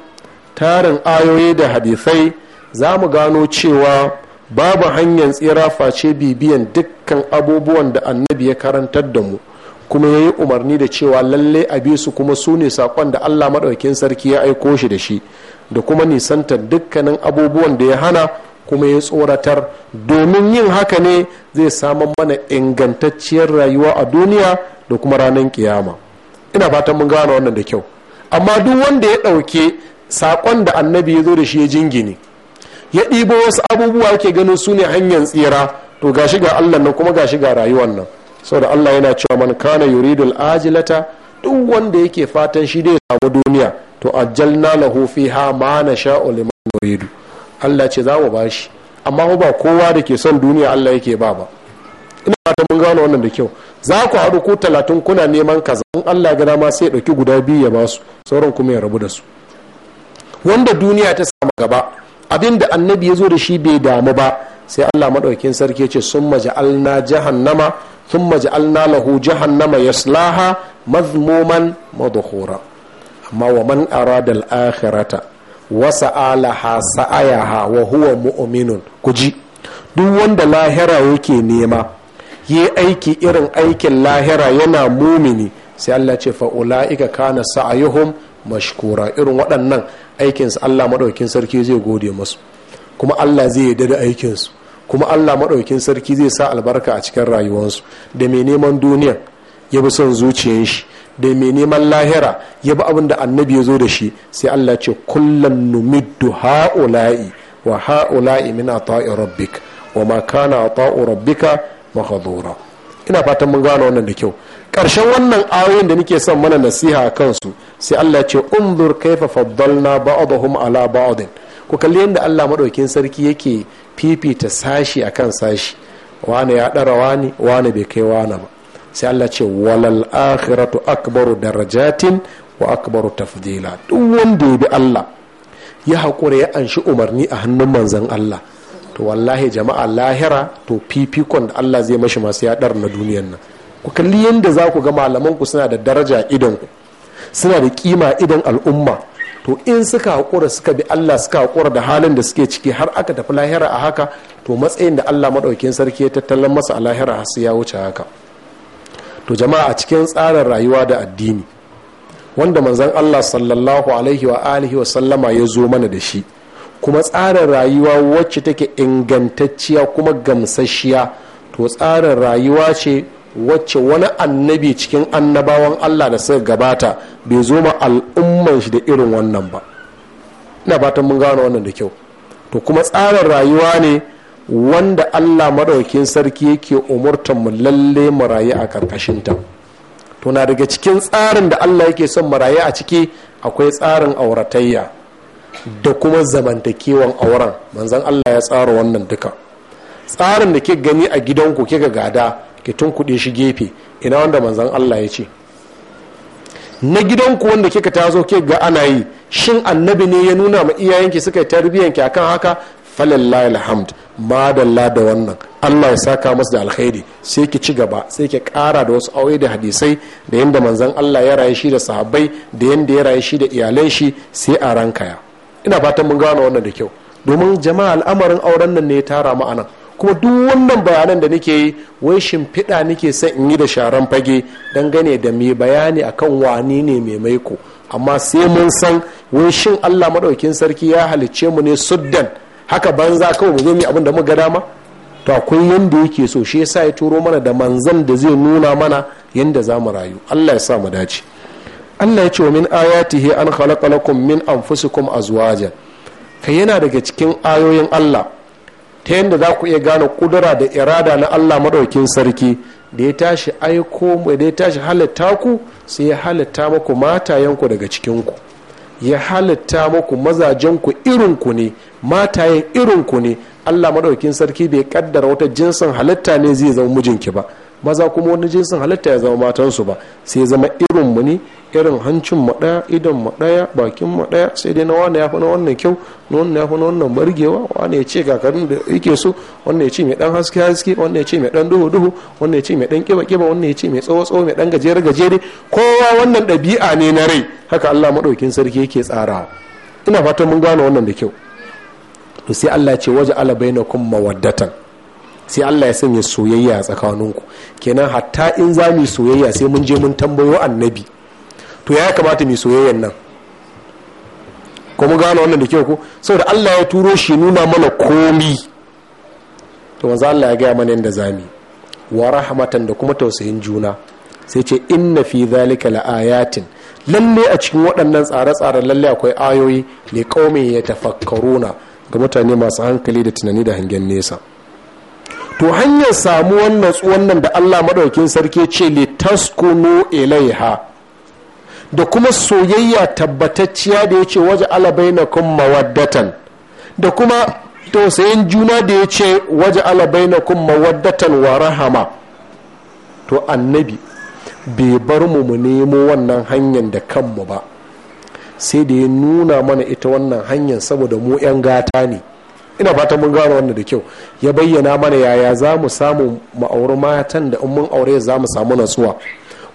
tarin ayoyi da hadisai za mu gano cewa babu hanyar tsira face bibiyan dukkan abubuwan da annabi ya karantar da mu kuma ya yi umarni da cewa lalle a bi su kuma su ne saƙon da allah maɗaukin sarki ya aiko shi da shi da kuma nisantar dukkanin abubuwan da ya hana kuma ya tsoratar domin yin haka ne zai samar mana ingantacciyar rayuwa a duniya da kuma ranar kiyama ina fatan mun gane wannan da kyau amma duk wanda ya ɗauke saƙon da annabi ya zo da shi ya jingine ya ɗibo wasu abubuwa ke ganin su ne hanyar tsira to gashi ga allah nan kuma gashi ga rayuwar nan saboda Allah yana cewa man kana yuridul ajilata duk wanda yake fatan shi dai samu duniya to ajjalna lahu fiha ma sha liman nuridu Allah ce za mu bashi amma ba kowa da ke son duniya Allah yake ba ba ina fata mun gano wannan da kyau za ku haɗu ko talatin kuna neman kaza in Allah gana ma sai ɗauki guda biyu ya basu sauran kuma ya rabu da su wanda duniya ta samu gaba abin da annabi ya zo da shi bai damu ba sai Allah maɗaukin sarki ya ce sun maja'alna jahannama thumma ja'alna lahu jahannama yaslaha mazmuman madhura amma wa man arada al-akhirata wa sa'alaha sa'ayaha wa huwa mu'minun kuji duk wanda lahira yake nema yi aiki irin aikin lahira yana mumini sai Allah ce fa ula'ika kana sa'ayuhum mashkura irin waɗannan aikinsu Allah maɗaukin sarki zai gode masu kuma Allah zai yarda da aikinsu kuma allah maɗaukin sarki zai sa albarka a cikin rayuwarsu da mai neman duniya ya bi son zuciyar shi da mai neman lahira ya bi abin da annabi ya zo da shi sai allah ce kullum numiddu ha'ula'i wa ha'ula'i min ata'i rabbik wa ma kana ata'u rabbika mahadura ina fatan mun gane wannan da kyau ƙarshen wannan ayoyin da nake son mana nasiha a kansu sai allah ce unzur kaifa faddalna ba'adahum ala ba'adin ku kalli yadda allah maɗaukin sarki yake fifita sashi kan sashi wani ya ɗara wani wani bai kai wani ba sai Allah ce walal akhiratu akbaru darajatin wa akbaru tafdila duk wanda ya bi Allah ya haƙura ya anshi umarni a hannun manzan Allah to wallahi jama'a lahira to fifikon da Allah zai mashi masu yaɗar na duniyan nan ku kalli yadda za ku ga malamanku suna da daraja idan ku suna da kima idan al'umma to in suka haƙura suka bi allah suka haƙura da halin da suke ciki har aka tafi lahira a haka to matsayin da allah maɗaukin sarki ya tattalin masa a lahira su ya wuce haka to jama'a a cikin tsarin rayuwa da addini wanda manzon allah sallallahu alaihi wa alihi wa sallama ya zo mana da shi kuma tsarin rayuwa wacce take ingantacciya kuma gamsasshiya to tsarin rayuwa ce wacce wani annabi cikin annabawan allah da suka gabata bai zo ma al'umman shi da irin wannan ba ina fatan mun gano wannan da kyau to kuma tsarin rayuwa ne wanda allah maɗaukin sarki yake umurtar mu lalle mu rayu a ƙarƙashinta to na daga cikin tsarin da allah yake son mu rayu a ciki akwai tsarin auratayya da kuma zamantakewan auren manzon allah ya tsara wannan duka tsarin da ke gani a gidanku kika gada ki kuɗi shi gefe ina wanda manzan allah ya ce na gidanku wanda kika tazo ke ga ana yi shin annabi ne ya nuna ma iyayenki suka yi tarbiyyanki akan haka falillahi alhamd madalla da wannan allah ya saka masu da alkhairi sai ki ci gaba sai ki kara da wasu aure da hadisai da yadda manzan allah ya rayu shi da sahabbai da yadda ya rayu shi da iyalai shi sai a kaya. ina fatan mun gano wannan da kyau domin jama'a al'amarin auren nan ne ya tara mu anan kuma duk wannan bayanan da nake yi wai shimfiɗa nake son in yi da sharan fage don gane da mai bayani akan wani ne mai maiko amma sai mun san wai shin allah maɗaukin sarki ya halicce mu ne suddan haka banza kawai mu zo mu abin da muka dama to akwai yanda yake so shi yasa ya turo mana da manzan da zai nuna mana yanda za mu rayu allah ya sa mu dace allah ya ce wa min ayatihi an khalaqa lakum min anfusikum azwajan kai yana daga cikin ayoyin allah ta yadda za ku iya gane kudura da irada na allah maɗaukin sarki da ya tashi aiko da ya tashi halitta ku sai ya halitta maku matayenku daga cikinku ya halitta maku mazajenku irinku ne matayen irinku ne allah maɗaukin sarki bai kaddara wata jinsin halitta ne zai zama mijinki ba maza kuma wani jinsin halitta ya zama matansu ba sai ya irin irinmu ne irin hancin mu daya idan mu daya bakin mu daya sai dai na wani ya fi na wannan kyau na wannan ya fi na wannan bargewa wani ya ce kakarin da yake so wannan ya ce mai dan haske haske wannan ya ce mai dan duhu duhu wannan ya ce mai dan kiba kiba wannan ya ce mai tsawo tsawo mai dan gajere gajere kowa wannan ɗabi'a ne na rai haka Allah madaukin sarki yake tsarawa ina fatan mun gane wannan da kyau to sai Allah ce waje ala bainakum mawaddatan sai Allah ya sanya soyayya a tsakaninku kenan hatta in za mu soyayya sai mun je mun tambayo annabi to ya kamata mai soyayyan nan ko mu wannan da kyau ko saboda Allah ya turo shi nuna mana komi to manzo Allah ya gaya mana yadda zami wa rahmatan da kuma tausayin juna sai ce inna fi zalika laayatin lalle a cikin waɗannan tsare-tsare lalle akwai ayoyi ne kaumin ya tafakkaruna ga mutane masu hankali da tunani da hangen nesa to hanyar samu wannan tsuwan nan da Allah madaukin sarki ce li taskunu ilaiha da kuma soyayya tabbatacciya da ya ce waje alabainakun mawaddatan da kuma tausayin juna da ya ce waje alabainakun mawaddatan wa rahama to annabi bai bar mu mu nemo wannan hanyar da kanmu ba sai da ya nuna mana ita wannan hanyar saboda mu 'yan gata ne ina fata mun gano wannan da kyau ya bayyana mana yaya za mu samu ma'aurin matan da in mun aure za mu samu natsuwa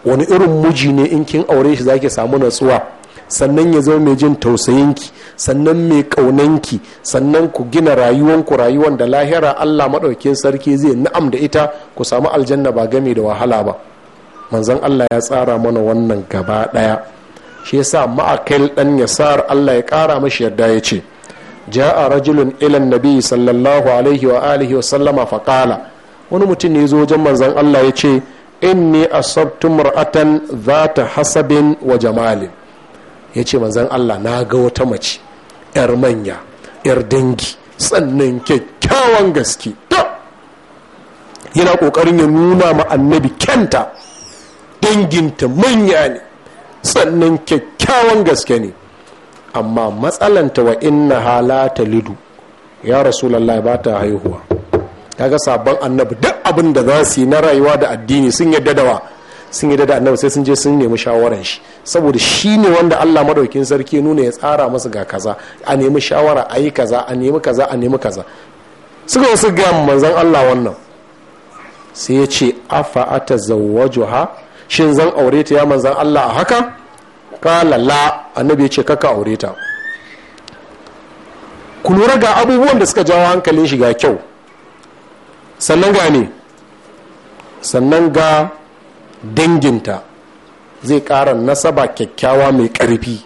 wani irin muji ne in kin aure shi zaki samu natsuwa sannan ya zama mai jin tausayinki sannan mai ki sannan ku gina rayuwanku rayuwan da lahira allah maɗaukin sarki zai na'am da ita ku samu aljanna ba game da wahala ba manzon allah ya tsara mana wannan gaba ɗaya shi yasa ma'akail ɗan yasar allah ya kara mashi yadda ya ce ja'a rajulun ilan nabi sallallahu alaihi wa alihi wa sallama faƙala wani mutum ne ya zo wajen manzon allah ya ce inni asabtu mar'atan zata hasabin wa jamalin ya ce manzan allah na ga wata mace yar manya yar dangi sannan kyakkyawan gaske yana kokarin ya nuna ma annabi kyanta danginta manya ne sannan kyakkyawan gaske ne amma matsalanta wa inna halata lidu ya rasulallah ba ta haihuwa kaga sabon annabi duk abin da za su yi na rayuwa da addini sun yadda dawa sun yadda da annabi sai sun je sun nemi shawaran shi saboda shi ne wanda Allah madaukin sarki nuna ya tsara masa ga kaza a nemi shawara a yi kaza a nemi kaza a nemi kaza suka wasu ga manzon Allah wannan sai ya ce afa atazawwajuha shin zan aure ta ya manzon Allah a haka kala la annabi ya ce kaka aure ta ku lura ga abubuwan da suka jawo hankalin shi ga kyau sannan ga ne sannan ga danginta zai ƙara nasaba kyakkyawa mai ƙarfi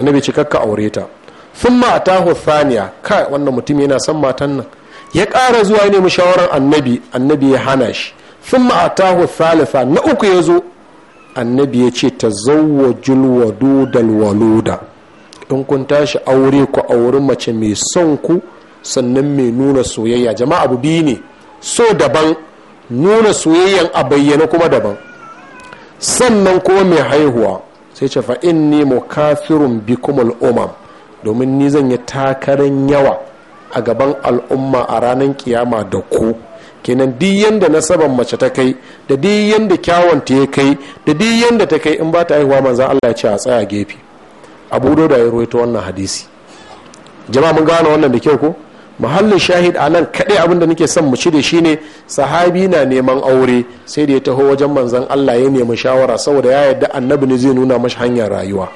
annabi ce kakka aure ta sun ma atahu kai wannan mutum yana son matan nan ya ƙara zuwa ne shawarar annabi annabi ya hana shi sun ma atahu na uku ya zo annabi ya ce ta zauwa julwadudal waluda in kun tashi aure ku auri mace mai son ku sannan mai nuna soyayya jama'a abu biyu ne so daban nuna soyayyan a bayyana kuma daban sannan kuma mai haihuwa sai ce fa inni bi kuma al'umma domin ni zan yi takarin yawa a gaban al'umma a ranar kiyama da ku kenan duk yanda nasaban mace ta kai da duk yanda kyawun ta ya kai da duk yanda ta kai in ba ta haihuwa za Allah ya ce a tsaya gefe abu da ya ruwaito wannan hadisi jama'a mun gane wannan da kyau ko muhallin shahid a nan kaɗai abin da nake son mu cire shi ne sahabi na neman aure sai da ya taho wajen manzan allah ya nemi shawara saboda ya yarda annabi ne zai nuna mashi hanyar rayuwa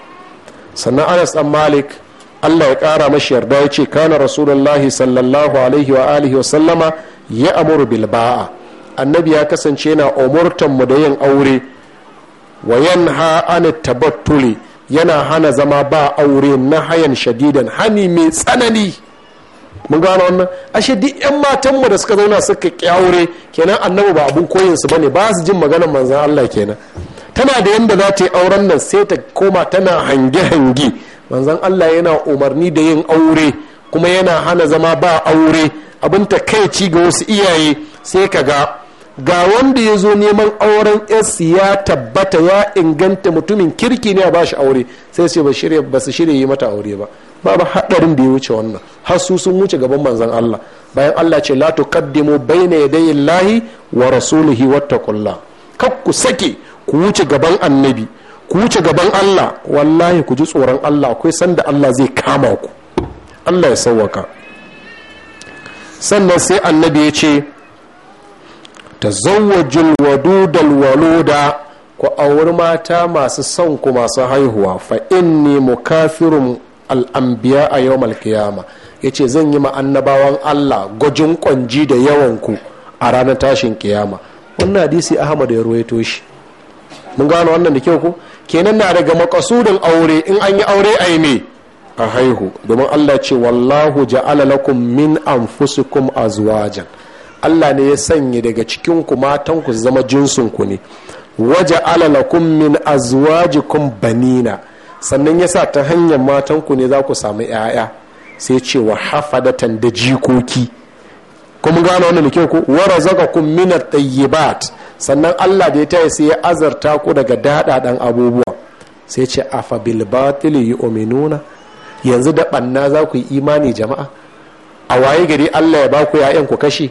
sannan anas dan malik allah ya ƙara mashi yarda ya ce kana rasulullahi sallallahu alaihi wa alihi wa sallama ya amuru bilba'a annabi ya kasance yana umurtan mu da yin aure wa yanha an tabattuli yana hana zama ba aure na hayan shadidan hani mai tsanani mun gano wannan ashe duk yan matan mu da suka zauna suka kyaure kenan annabi ba abun su bane ba su jin maganar manzon Allah kenan tana da yanda za ta yi auren nan sai ta koma tana hange hange manzon Allah yana umarni da yin aure kuma yana hana zama ba aure abin ta kai ga wasu iyaye sai ka ga ga wanda ya zo neman auren s ya tabbata ya inganta mutumin kirki ne a bashi aure sai ce ba su shirya yi mata aure ba babu haɗarin da ya wuce wannan har su sun wuce gaban manzon Allah bayan Allah ce la tuqaddimu bayna yadayi llahi wa rasulihi wattaqullah kar ku sake ku wuce gaban annabi ku wuce gaban Allah wallahi ku ji tsoron Allah akwai sanda Allah zai kama ku Allah ya sauwaka sannan sai annabi ya ce tazawwajul wadudal waluda ku auri mata masu son ku masu haihuwa fa inni mukafirun al'ambiya a yau malkiyama ya ce zan yi ma'annabawan allah gwajin kwanji da yawanku a ranar tashin kiyama wannan hadisi ahmad ya ruwaito shi mun gano wannan da kyau ko kenan na daga makasudin aure in an yi aure a yi me a haihu domin allah ce wallahu ja'ala lakum min anfusikum azwajan allah ne ya sanya daga cikin ku matan zama jinsin ku ne waje lakum min azwajikum banina sannan ya sa ta hanyar matanku ne za ku samu 'ya'ya sai ce wa hafadatan da jikoki kuma gano wannan kyau ko wa kun min at-tayyibat sannan Allah da ya taya sai ya azarta ku daga dadadan abubuwa sai ce afa bil batili yu'minuna yanzu da ɓanna za ku yi imani jama'a a waye gari Allah ya ba ku ya'yan ku kashe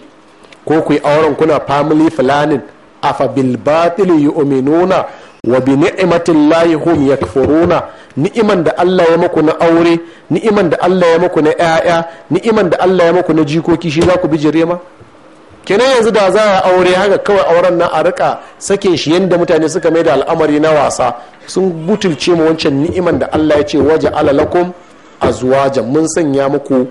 ko ku yi auren kuna family planning afa bil batili yu'minuna wa bi ni'matin lahi hum yakfuruna ni'iman da Allah ya muku na aure ni'iman da Allah ya muku na 'ya'ya ni'iman da Allah ya muku na jikoki shi za ku bijire ma kenan yanzu da za a aure haka kawai auren nan a rika sake shi yadda mutane suka mai da al'amari na wasa sun butulce mu wancan ni'iman da Allah ya ce waje alalakum azwaja mun sanya muku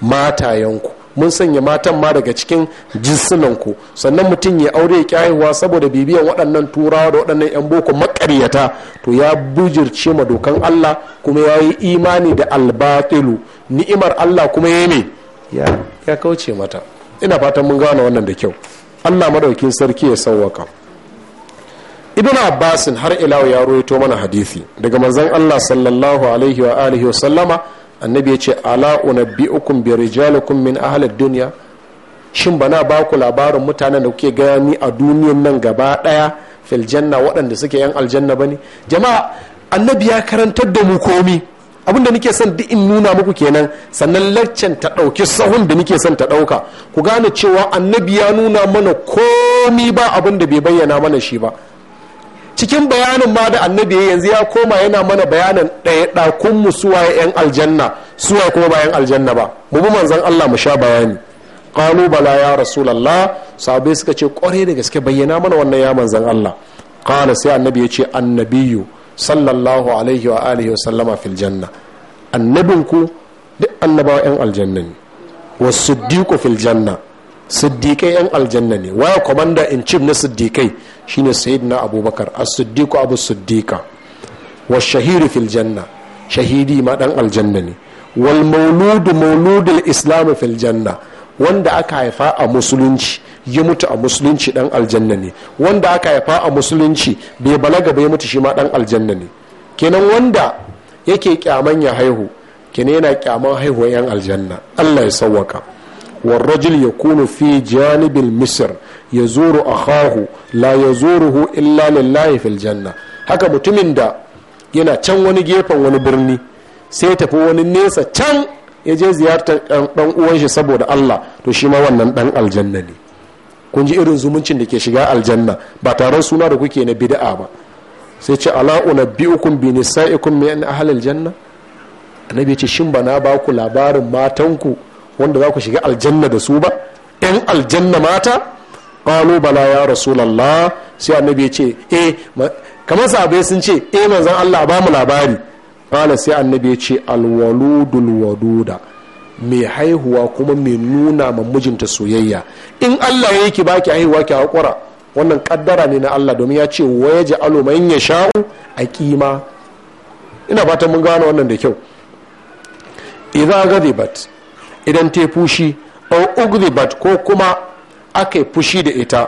matayanku mun sanya matan ma daga cikin jinsunan ku sannan mutum ya aure ya kyayewa saboda bibiyan waɗannan turawa da waɗannan yan boko makaryata to ya bujirce ma dokan Allah kuma ya yi imani da albatilu ni'imar Allah kuma ya ne ya kauce mata ina fatan mun gane wannan da kyau Allah madaukin sarki ya sauwaka ibn abbasin har ila ya roito mana hadisi daga manzon Allah sallallahu alaihi wa alihi wa sallama annabi ya ce ala unabbi'ukum bi rijalikum min ahli dunya shin bana ba ku labarin mutanen da kuke gani a duniyan nan gaba daya fil waɗanda suke yan aljanna ba ne. jama'a annabi ya karantar da mu komi abin da nake son duk in nuna muku kenan sannan laccan ta ɗauki sahun da nake son ta ɗauka ku gane cewa annabi ya nuna mana komi ba abin da bai bayyana mana shi ba cikin bayanin ma da annabi yanzu ya koma yana mana bayanin ɗaya ɗakun mu suwaye 'yan aljanna suwaye kuma bayan aljanna ba mu bi manzon Allah mu sha bayani qalu bala ya rasulullah sahabbai suka ce kware da gaske bayyana mana wannan ya manzon Allah qala sai annabi ya ce annabiyu sallallahu alaihi wa alihi wa sallama fil janna annabinku duk annabawa 'yan aljanna ne wasu fil janna siddiƙai yan aljanna ne waya kwamandan in cif na siddiƙai shine na abubakar a siddiqu abu siddiqa wa shahiri fil janna shahidi ma dan aljanna ne wal mauludu mauludul islam fil wanda aka haifa a musulunci ya mutu a musulunci ɗan aljanna ne wanda aka haifa a musulunci bai balaga gaba ya mutu shi ma dan aljanna ne kenan wanda yake kyaman ya haihu kenan yana kyaman haihuwar yan aljanna allah ya sawwaka والرجل يكون في جانب المصر يزور أخاه لا يزوره إلا لله في الجنة haka mutumin da yana can wani gefen wani birni sai tafi wani nesa can ya je ziyartar dan uwan shi saboda Allah to shi ma wannan dan aljanna ne kun ji irin zumuncin da ke shiga aljanna ba tare suna da kuke na bid'a ba sai ce ala unabbiukum bi nisaikum min ahli aljanna annabi ya ce shin bana ba ku labarin matanku wanda za ku shiga aljanna da su ba yan aljanna mata qalu bala ya rasulallah sai annabi ya ce eh kamar sabai sun ce eh manzan Allah ba mu labari ƙala sai annabi ya ce alwaludul waduda mai haihuwa kuma mai nuna ma mijinta soyayya in Allah ya yi baki haihuwa ki haƙura wannan kaddara ne na Allah domin ya ce wa ya sha'u a ƙima ina fatan mun gane wannan da kyau idza ghadibat idan ta fushi au ugribat ko kuma aka fushi da ita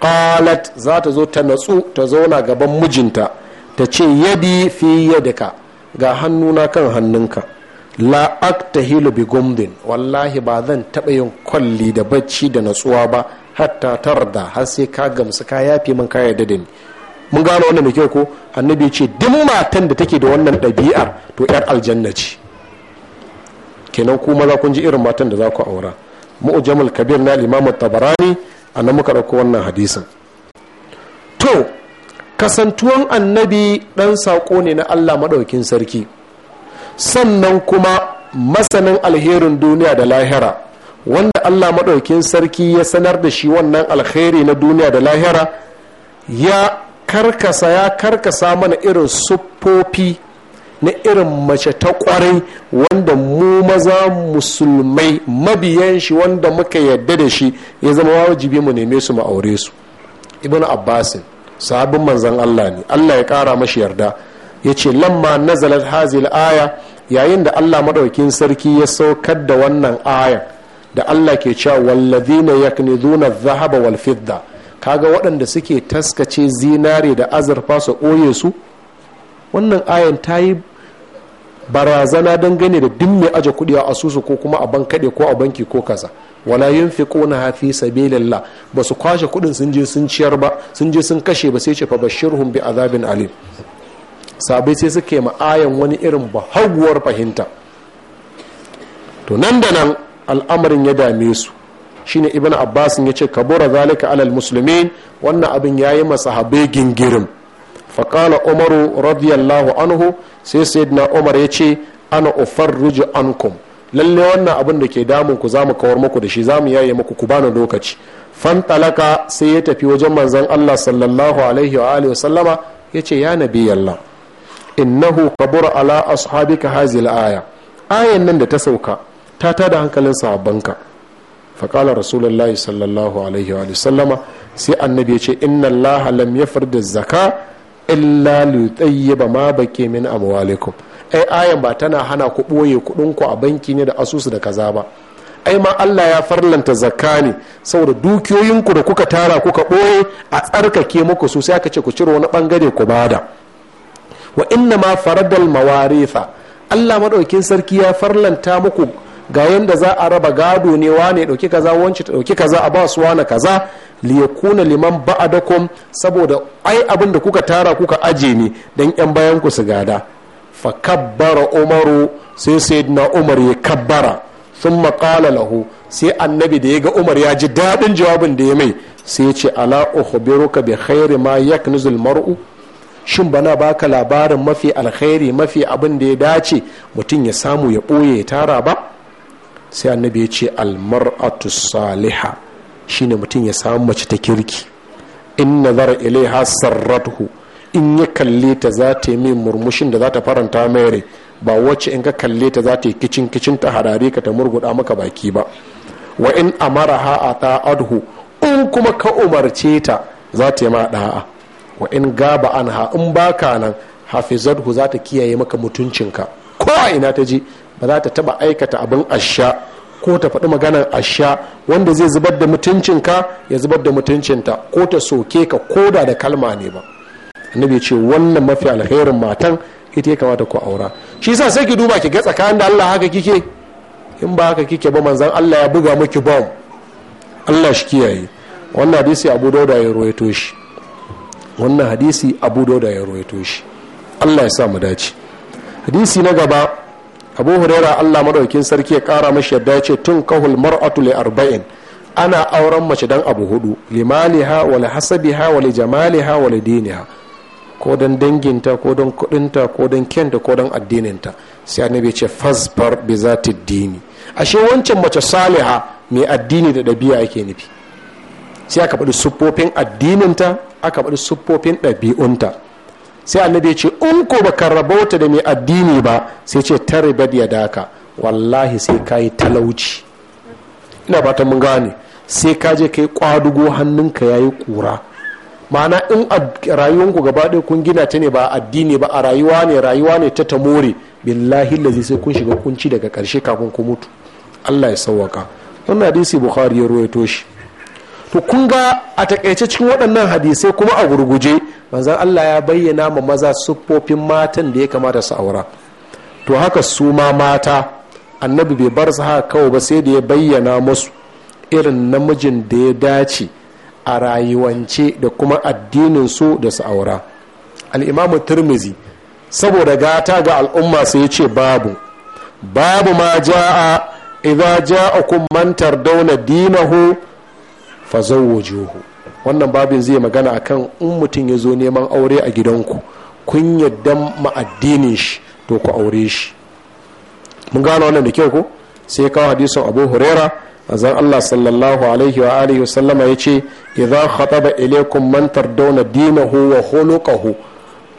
qalat za ta zo ta natsu ta zauna gaban mijinta ta ce yadi fi yadika ga hannuna kan hannunka la aktahilu bi gumdin wallahi ba zan taɓa yin kwalli da bacci da natsuwa ba hatta tarda har sai ka gamsu ka yafi min ka yarda da ni mun gano wannan da kyau ko annabi ce duk matan da take da wannan ɗabi'ar to yar aljanna ce kenan ku maza kun ji irin matan da za ku aura mu'jamul kabir na limamu tabarani a nan muka ɗauko wannan hadisin to kasantuwan annabi ɗan saƙo ne na allah maɗaukin sarki sannan kuma masanin alherin duniya da lahira wanda allah maɗaukin sarki ya sanar da shi wannan alheri na duniya da lahira ya karkasa ya karkasa mana irin siffofi na irin mace ta kwarai wanda mu maza musulmai mabiyan shi wanda muka yadda da shi ya zama wajibi mu neme su mu aure su ibn abbasin sabbin manzan allah ne allah ya kara mashi yarda ya ce lamma nazalat hazil aya yayin da allah maɗaukin sarki ya saukar da wannan ayan da allah ke cewa wallazina yaknizuna zahaba wal fidda kaga waɗanda suke taskace zinare da azurfa su ɓoye su wannan ayan ta yi barazana dangane da duk mai aje kuɗi a asusu ko kuma a bankaɗe ko a banki ko kaza wala yin fi ƙona hafi sabilillah ba su kwashe kuɗin sun je sun ciyar ba sun je sun kashe ba sai ce fa bashirhum bi azabin alim sabai sai suke ma'ayan wani irin bahaguwar fahimta to nan da nan al'amarin ya dame su shine ibn abbas ya ce kabura zalika alal musulmi wannan abin ya yi yayi masahabai gingirin faƙala umaru radiyallahu anhu sai sayyidina umar ya ce ana ufarruju ankum lalle wannan abin da ke damun ku zamu kawar muku da shi zamu yaye muku ku bani lokaci fantalaka sai ya tafi wajen manzon Allah sallallahu alaihi wa alihi sallama yace ya nabiyallah innahu kabura ala ashabika hazil aya ayan nan da ta sauka ta tada hankalin sahabbanka Faƙalar rasulullahi sallallahu alaihi wa sallama sai annabi yace inna allaha lam yafrid zaka illa liyutayyiba ma bake min amwalikum ai ayan ba tana hana ku ɓoye kuɗin ku a banki ne da asusu da kaza ba ai ma Allah ya farlanta zakka ne saboda dukiyoyinku da kuka tara kuka ɓoye a tsarkake muku su sai aka ce ku cire wani bangare ku bada wa inna ma faradal mawaritha Allah madaukin sarki ya farlanta muku ga yadda za a raba gado ne wane dauki kaza wance ta dauki kaza a ba su wane kaza li yakuna liman ba'adakum saboda ai abin da kuka tara kuka aje ne dan yan bayan ku su gada fa kabbara umaru sai sayyidina umar ya kabbara thumma qala lahu sai annabi da ya ga umar ya ji daɗin jawabin da ya mai sai ya ce ala ukhbiruka bi khairi ma yaknizul mar'u shin bana baka labarin mafi alkhairi mafi abin da ya dace mutum ya samu ya boye ya tara ba sai annabi ya ce almar'atu saliha shine mutum ya samu mace ta kirki in nazara ilaiha sarratuhu in ya kalle ta za ta yi min murmushin da za ta faranta mai ba wacce in ka kalle ta za ta yi kicin kicin ta harare ka ta murguda maka baki ba wa in ha a ta'adhu in kuma ka umarce ta za ta yi ma da'a wa in gaba an ha in baka nan hafizadhu za ta kiyaye maka mutuncinka ko a ina ta je. ba za ta taba aikata abin asha ko ta faɗi maganar asha wanda zai zubar da mutuncinka ya zubar da mutuncinta ko ta soke ka koda da kalma ne ba annabi ce wannan mafi alherin matan ita ya kamata ku aura shi yasa sai ki duba ki ga tsakanin da Allah haka kike in ba haka kike ba manzon Allah ya buga miki bom Allah shi kiyaye wannan hadisi Abu Dawuda ya rawaito shi wannan hadisi Abu Dawuda ya rawaito shi Allah ya sa mu dace hadisi na gaba abu huraira allah madaukin sarki ya kara mashi yadda ce tun kahul mar'atu li arba'in ana auren mace dan abu hudu limaliha wa li hasabiha wa li jamaliha wa li diniha ko don danginta ko don kudinta ko don kenta, ko don addininta sai annabi ce fasbar bi zati dini ashe wancan mace saliha mai addini da ɗabi'a ake nufi sai aka faɗi siffofin addininta aka faɗi siffofin ɗabi'unta sai annabi ya ce in ko baka rabauta da mai addini ba sai ce ta ya daka wallahi sai ka yi talauci ina fatan mun gane sai ka je kai kwadugo hannunka yayi kura ma'ana in rayuwarku gaba ɗaya kun gina ta ne ba addini ba a rayuwa ne rayuwa ne ta tamore billahi lazi sai kun shiga kunci daga karshe kafin ku mutu allah ya sauwaka wannan hadisi bukhari ya ruwaito shi to kun ga a takaice cikin waɗannan hadisai kuma a gurguje manzan allah ya bayyana ma maza siffofin matan da ya kamata su aura to haka su ma mata annabi bai bar su haka kawai ba sai da ya bayyana musu irin namijin da ya dace a rayuwance da kuma addinin su da su aura al'imamu turmizi saboda gata ga al'umma sai ya ce babu babu ma ja'a idza ja'akum man tardawna dinahu fazawwajuhu wannan babin zai magana akan in mutum ya zo neman aure a gidanku kun yadda ma'addinin shi to ku aure shi mun gano wannan da kyau ko sai kawo hadisin abu huraira azan allah sallallahu alaihi wa alihi wa sallama ya ce idan khataba ilaikum man tardawna dinahu wa khuluquhu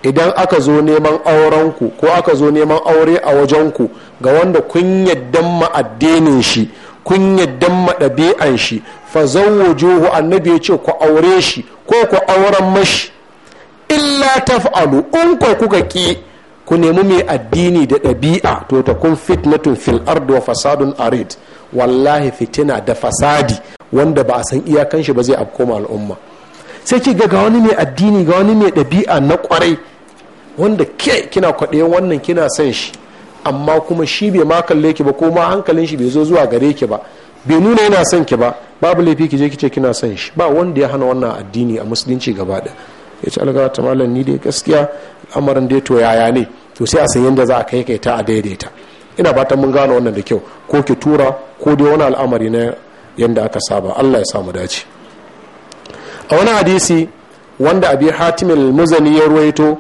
idan aka zo neman aurenku ko aka zo neman aure a wajenku ga wanda kun yadda ma'addinin shi kun yadda maɗabi'an shi fa zawwajuhu annabi ya ce ku aure shi ko ku auren mashi illa taf'alu in ku kuka ki ku nemi mai addini da ɗabi'a to ta kun fitnatun fil ard fasadun arid wallahi fitina da fasadi wanda ba a san iyakan shi ba zai ma al'umma sai ki ga wani mai addini ga wani mai ɗabi'a na kwarai wanda ke kina kwaɗe wannan kina son shi amma kuma shi bai ma kalle ki ba ko ma hankalin shi bai zo zuwa gare ki ba bai nuna yana son ki ba babu laifi ki je ki ce kina son shi ba wanda ya hana wannan addini a musulunci gaba da ya ce alga ta malam ni dai gaskiya al'amarin dai to yaya ne to sai a san yadda za a kai kai ta a daidaita ina fatan mun gane wannan da kyau ko ki tura ko dai wani al'amari na yadda aka saba Allah ya samu dace a wani hadisi wanda abi hatimin muzani ya ruwaito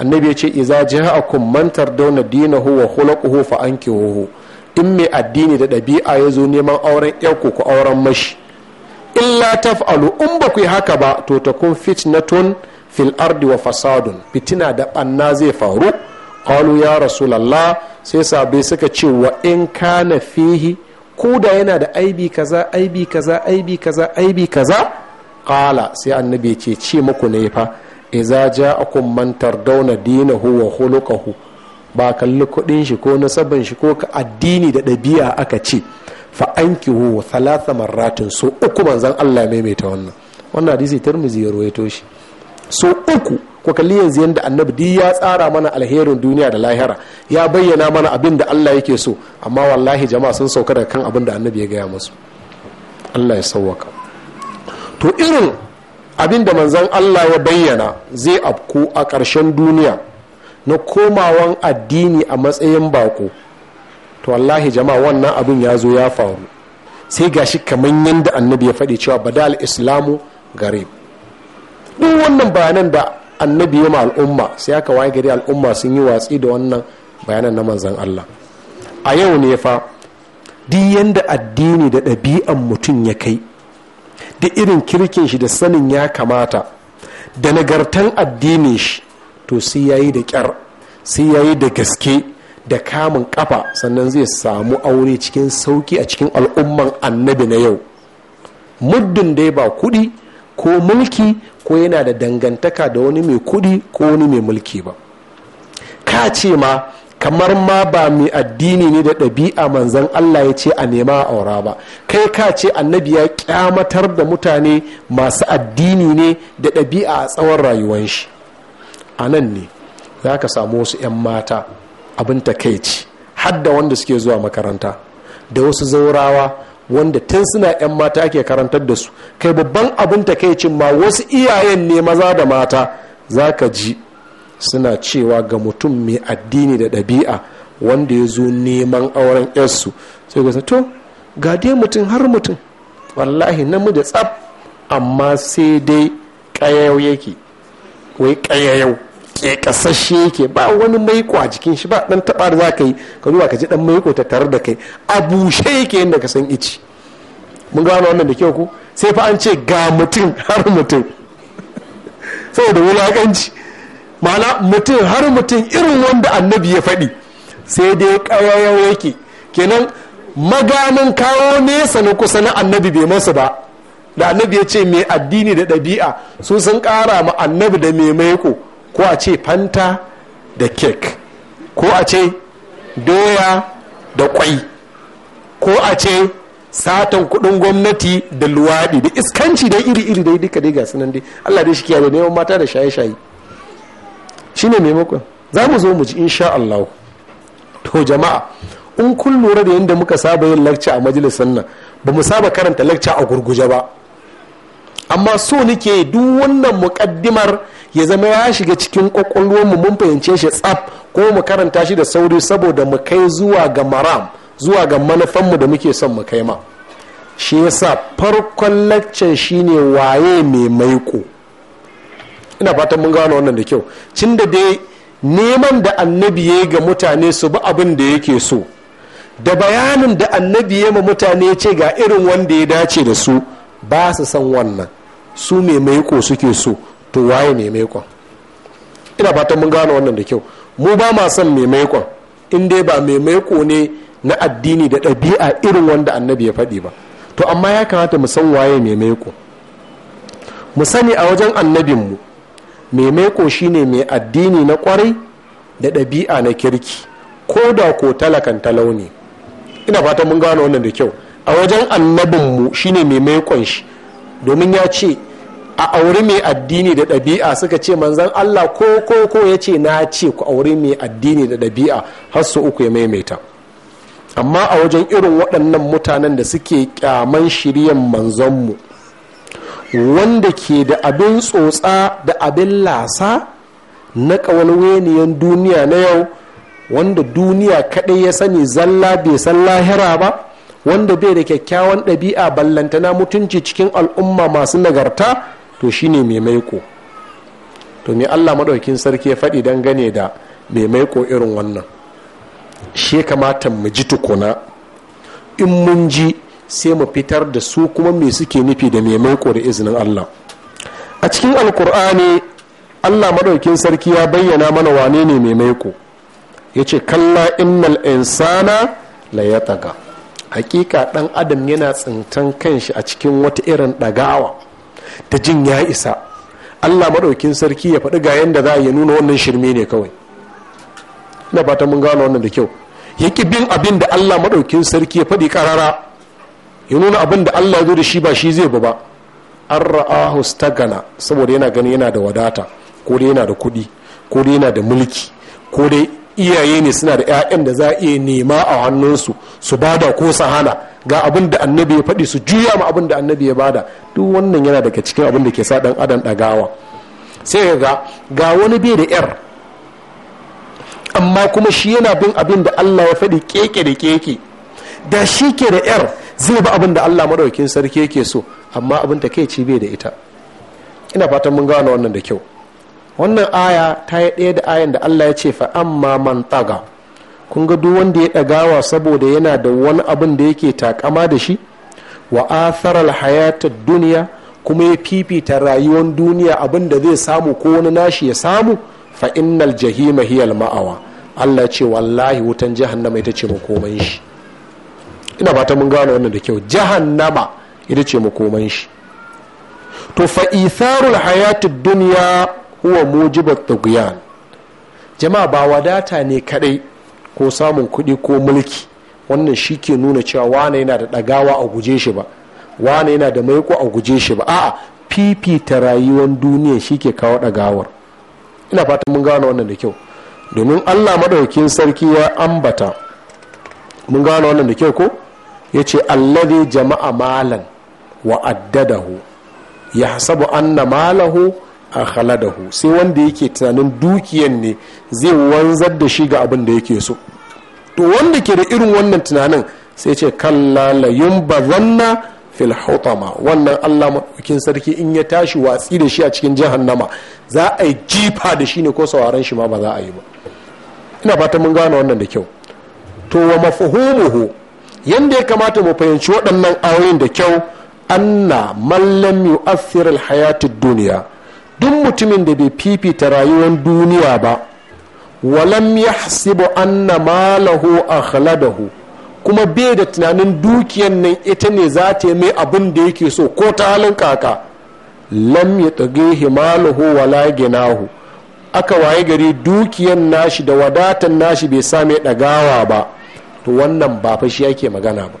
annabi ya ce iza ja'akum man tardawna dinahu wa khuluquhu fa ankihuhu in mai addini da ɗabi'a ya zo neman auren yau ku auren mashi illa taf'alu in ba ku yi haka ba to ta kun fitnatun fil ardi wa fasadun fitina da ɓanna zai faru qalu ya rasu lalla sai sabe suka ce wa in kana fihi ko da yana da aibi kaza aibi kaza aibi kaza aibi kaza qala sai annabi ya ce ce muku ne fa iza akun mantar dauna huwa wa khuluquhu ba kalli kudin shi ko nasabin shi ko ka addini da ɗabi'a aka ce fa ankihu thalatha marratin so uku manzan Allah maimaita wannan wannan hadisi tirmizi ya ruwaito shi so uku ko kalli yanzu yanda annabi duk ya tsara mana alherin duniya da lahira ya bayyana mana abin da Allah yake so amma wallahi jama'a sun sauka daga kan abin da annabi ya gaya musu Allah ya sauwaka to irin abinda da manzan allah ya bayyana zai afku a ƙarshen duniya na komawan addini a matsayin bako to wallahi jama'a wannan abin ya zo ya faru sai gashi kamar yadda annabi ya faɗi cewa badal islamu gare duk wannan bayanan da annabi ya ma al'umma sai aka waye gari al'umma sun yi watsi da wannan bayanan na manzan allah a yau ne fa duk yadda addini da ɗabi'an mutum ya kai da irin kirkin shi da sanin ya kamata da nagartan addinin shi to sai yayi da kyar sai yayi da gaske da kamun kafa sannan zai samu aure cikin sauki a cikin al'umman annabi na yau muddin dai ba kuɗi ko mulki ko yana da dangantaka da wani mai kuɗi ko wani mai mulki ba ka ce ma kamar ma ba mai addini ne da ɗabi'a manzan Allah ya ce a nema a aura ba kai ka ce annabi ya kyamatar da mutane masu addini ne da ɗabi'a a tsawon rayuwan shi a nan ne za ka samu wasu 'yan mata abin takaici har da wanda suke zuwa makaranta da wasu zaurawa wanda tun suna 'yan mata ake karantar da su kai babban abin takaicin ma wasu iyayen ne maza da mata za ka ji suna cewa ga mutum mai addini da ɗabi'a wanda ya zo neman auren yarsu sai ga to ga dai mutum har mutum wallahi namu da tsab amma sai dai ƙayayau yake wai ƙayayau ke kasashe yake ba wani maiko a jikin shi ba dan da za ka yi ka zuwa ka ji dan maiko ta tare da kai a bushe yake yadda ka san ici mun gano wannan da kyau ko sai fa an ce ga mutum har mutum [laughs] saboda wulakanci ma'ana mutum har mutum irin wanda annabi ya faɗi sai dai ƙararrawa yake kenan maganin kawo nesa na kusa na annabi bai masa ba da annabi ya ce mai addini da ɗabi'a su sun ƙara ma annabi da mai maiko ko a ce fanta da kek ko a ce doya da ƙwai ko a ce satan kudin gwamnati da luwaɗi da iskanci da iri-iri dai duka dai ga sunan dai allah dai shi kiyaye neman mata da shaye-shaye shine maimakon za mu zo mu ji insha Allah to jama'a in kun lura da yadda muka saba yin lakca a majalisar nan ba mu saba karanta lakca a gurguje ba amma so nake duk wannan muƙaddimar ya zama ya shiga cikin mu mun fahimce shi tsaf ko mu karanta shi da sauri saboda mu kai zuwa ga maram zuwa ga manufanmu da muke son mu kai ma shi yasa farkon laccan shine waye mai maiko ina fatan mun gano wannan da kyau cin da dai neman da annabi ya ga mutane su bi abin da yake so da bayanin da annabi ya ma mutane ce ga irin wanda ya dace da su ba su san wannan su mai maiko suke so to waye mai maiko ina fatan mun gano wannan da kyau mu ba ma mai maikon in dai ba mai maiko ne na addini da ɗabi'a irin wanda annabi ya faɗi ba to amma ya kamata mu san waye mai maiko mu sani a wajen annabinmu mai maiko shine mai addini na kwarai da ɗabi'a na kirki ko da ko talakan talauni ina fata mun gano wannan da kyau a wajen annabinmu shine mai maikon shi domin ya ce a auri mai addini da ɗabi'a suka ce manzan allah ko ko ko ya ce na ce ku auri mai addini da ɗabi'a har su uku ya maimaita amma a wajen irin waɗannan mutanen da suke kyaman shiryan manzanmu wanda ke da abin tsotsa da abin lasa na weniyan duniya na yau wanda duniya kaɗai ya sani zalla bai san lahira ba wanda bai da kyakkyawan ɗabi'a na mutunci cikin al'umma masu nagarta to shine mai maiko to me allah maɗaukin sarki ya faɗi dangane da mai maiko irin wannan shi kamata mu ji tukuna in mun ji sai mu fitar da su kuma me suke nufi da mai da izinin Allah a cikin alkur'ani Allah madaukin sarki ya bayyana mana wane ne mai maiko ya ce kalla innal insana la ya taga hakika dan adam yana tsintan kanshi a cikin wata irin dagawa da jin ya isa Allah madaukin sarki ya faɗi ga yadda za a yi nuna wannan shirme ne kawai ina fata mun gano wannan da kyau ya bin abin da Allah madaukin sarki ya faɗi ƙarara. ya nuna abin da allah zo da shi ba shi zai ba ba an ra'ahu stagana saboda yana gani yana da wadata ko dai yana da kuɗi ko dai yana da mulki ko dai iyaye ne suna da 'ya'yan da za a iya nema a hannunsu su bada ko su hana ga abin da annabi ya faɗi su juya ma abin da annabi ya bada duk wannan yana daga cikin abin da ke sa dan adam ɗagawa sai ga ga wani bai da 'yar amma kuma shi yana bin abin da allah ya faɗi keke da keke da shi ke da 'yar zai ba abin da allah maɗaukin sarki yake so amma abin ta kai ci bai da ita ina fatan mun gano wannan da kyau wannan aya ta yi ɗaya da ayan da allah ya ce fa amma man tsaga kun ga duk wanda ya ɗagawa saboda yana da wani abin da yake takama da shi wa atharal hayatar duniya kuma ya fifita rayuwar duniya abin da zai samu ko wani nashi ya samu fa innal jahima hiyal ma'awa allah ya ce wallahi wutan jahannama ita ce makoman shi ina fata mun gane wannan da kyau jahannama ita ce makoman shi to fa itharul hayatid dunya huwa mujibat tughyan jama'a ba wadata ne kadai ko samun kuɗi ko mulki wannan shi ke nuna cewa wane yana da ɗagawa a guje shi ba wane yana da maiko a guje shi ba a'a fifita rayuwar duniya shi ke kawo ɗagawar ina fatan mun gane wannan da kyau domin allah maɗaukin sarki ya ambata mun gane wannan da kyau ko ya ce allazi jama'a malan wa addadahu ya hasabu anna malahu a khaladahu sai wanda yake tunanin dukiyan ne zai wanzar da shi ga abin da yake so to wanda ke da irin wannan tunanin sai ce kalla la yumbazanna fil hutama wannan Allah madaukakin sarki in ya tashi watsi da shi a cikin jahannama za a yi jifa da shi ne ko sauraron shi ma ba za a yi ba ina fata mun gane wannan da kyau to wa mafhumuhu yadda ya kamata mu fahimci waɗannan ayoyin da kyau anna mallam yu'athir hayatin duniya duk mutumin da bai fifita rayuwar duniya ba walam yahsibu anna malahu akhladahu kuma bai da tunanin dukiyan nan ita ne za ta yi mai abin da yake so ko ta halin kaka lam ya tsage malahu wala ginahu aka waye gari dukiyan nashi da wadatan nashi bai same ɗagawa ba to wannan ba fa shi yake magana ba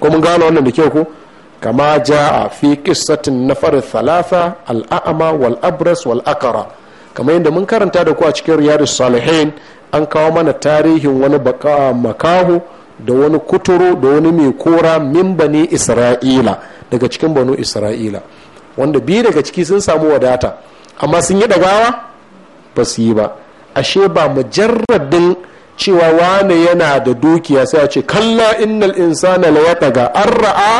ko mun gano wannan da kyau ko kama jaa fi qissatin nafar thalatha al-a'ma wal abras wal akara kamar yadda mun karanta da ku a cikin riyadus salihin an kawo mana tarihin wani baka makaho da wani kuturu da wani mai kora min bani isra'ila daga cikin banu isra'ila wanda biyu daga ciki sun samu wadata amma sun yi dagawa ba su yi ba ashe ba mujarradin cewa wane yana da dukiya sai a ce kalla innal insana la yataga an ra'a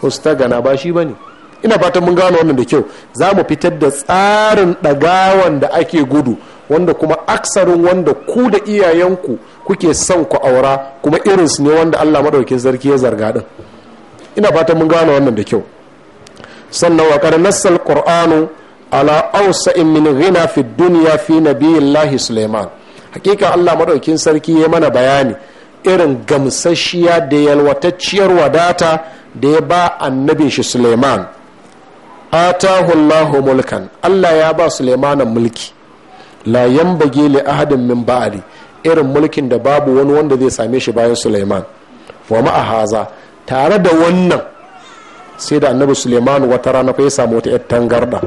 hustagana ba shi bane ina fatan mun gano wannan da kyau za mu fitar da tsarin dagawan da ake gudu wanda kuma aksarin wanda ku da iyayenku kuke son ku aura kuma irin su ne wanda allah madaukakin sarki ya zarga din. ina fatan mun gano wannan da kyau sannan wa kada nassal qur'anu ala awsa min ghina fi dunya fi nabiyillahi sulaiman. hakika allah maɗaukin sarki ya mana bayani irin gamsasshiya da yalwatacciyar wadata da ya ba annabin shi suleiman atahu allahu mulkan allah ya ba suleimanan mulki layan bage li ahadin min ba'adi irin mulkin da babu wani wanda zai same shi bayan suleiman wa ma'ahaza tare da wannan sai da annabi suleiman wata rana fa ya samu wata 'yar tangarda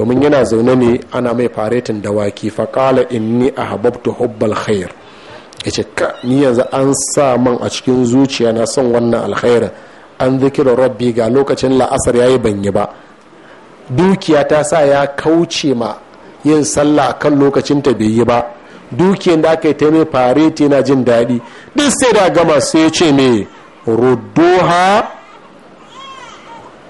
domin yana zaune ne ana mai faretin dawaki faƙala inni a hababtu hubbal khair ya ce ka ni yanzu an sa man a cikin zuciya na son wannan alkhairin an zikira rabbi ga lokacin la'asar ya yi banyi ba dukiya ta sa ya kauce ma yin sallah kan lokacin ta bai yi ba dukiyan da aka yi ta mai fareti na jin daɗi duk sai da gama sai ce mai rudoha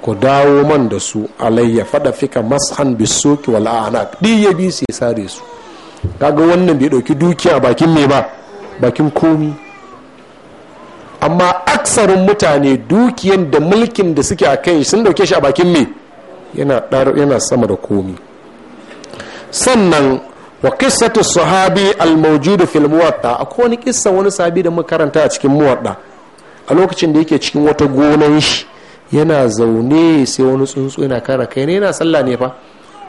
ku dawo man da su alayya fada fika mashan bisoki wal anak di ya bi su sare su kaga wannan bai dauki dukiya bakin me ba bakin komi amma aksarin mutane dukiyan da mulkin da suke a kai sun dauke shi a bakin me yana yana sama da komi sannan wa qissatu sahabi al-mawjud fil muwatta akwai wani kissa wani sahabi da muka karanta a cikin muwatta a lokacin da yake cikin wata gonan shi yana zaune sai wani tsuntsu yana kara kai ne yana sallah ne fa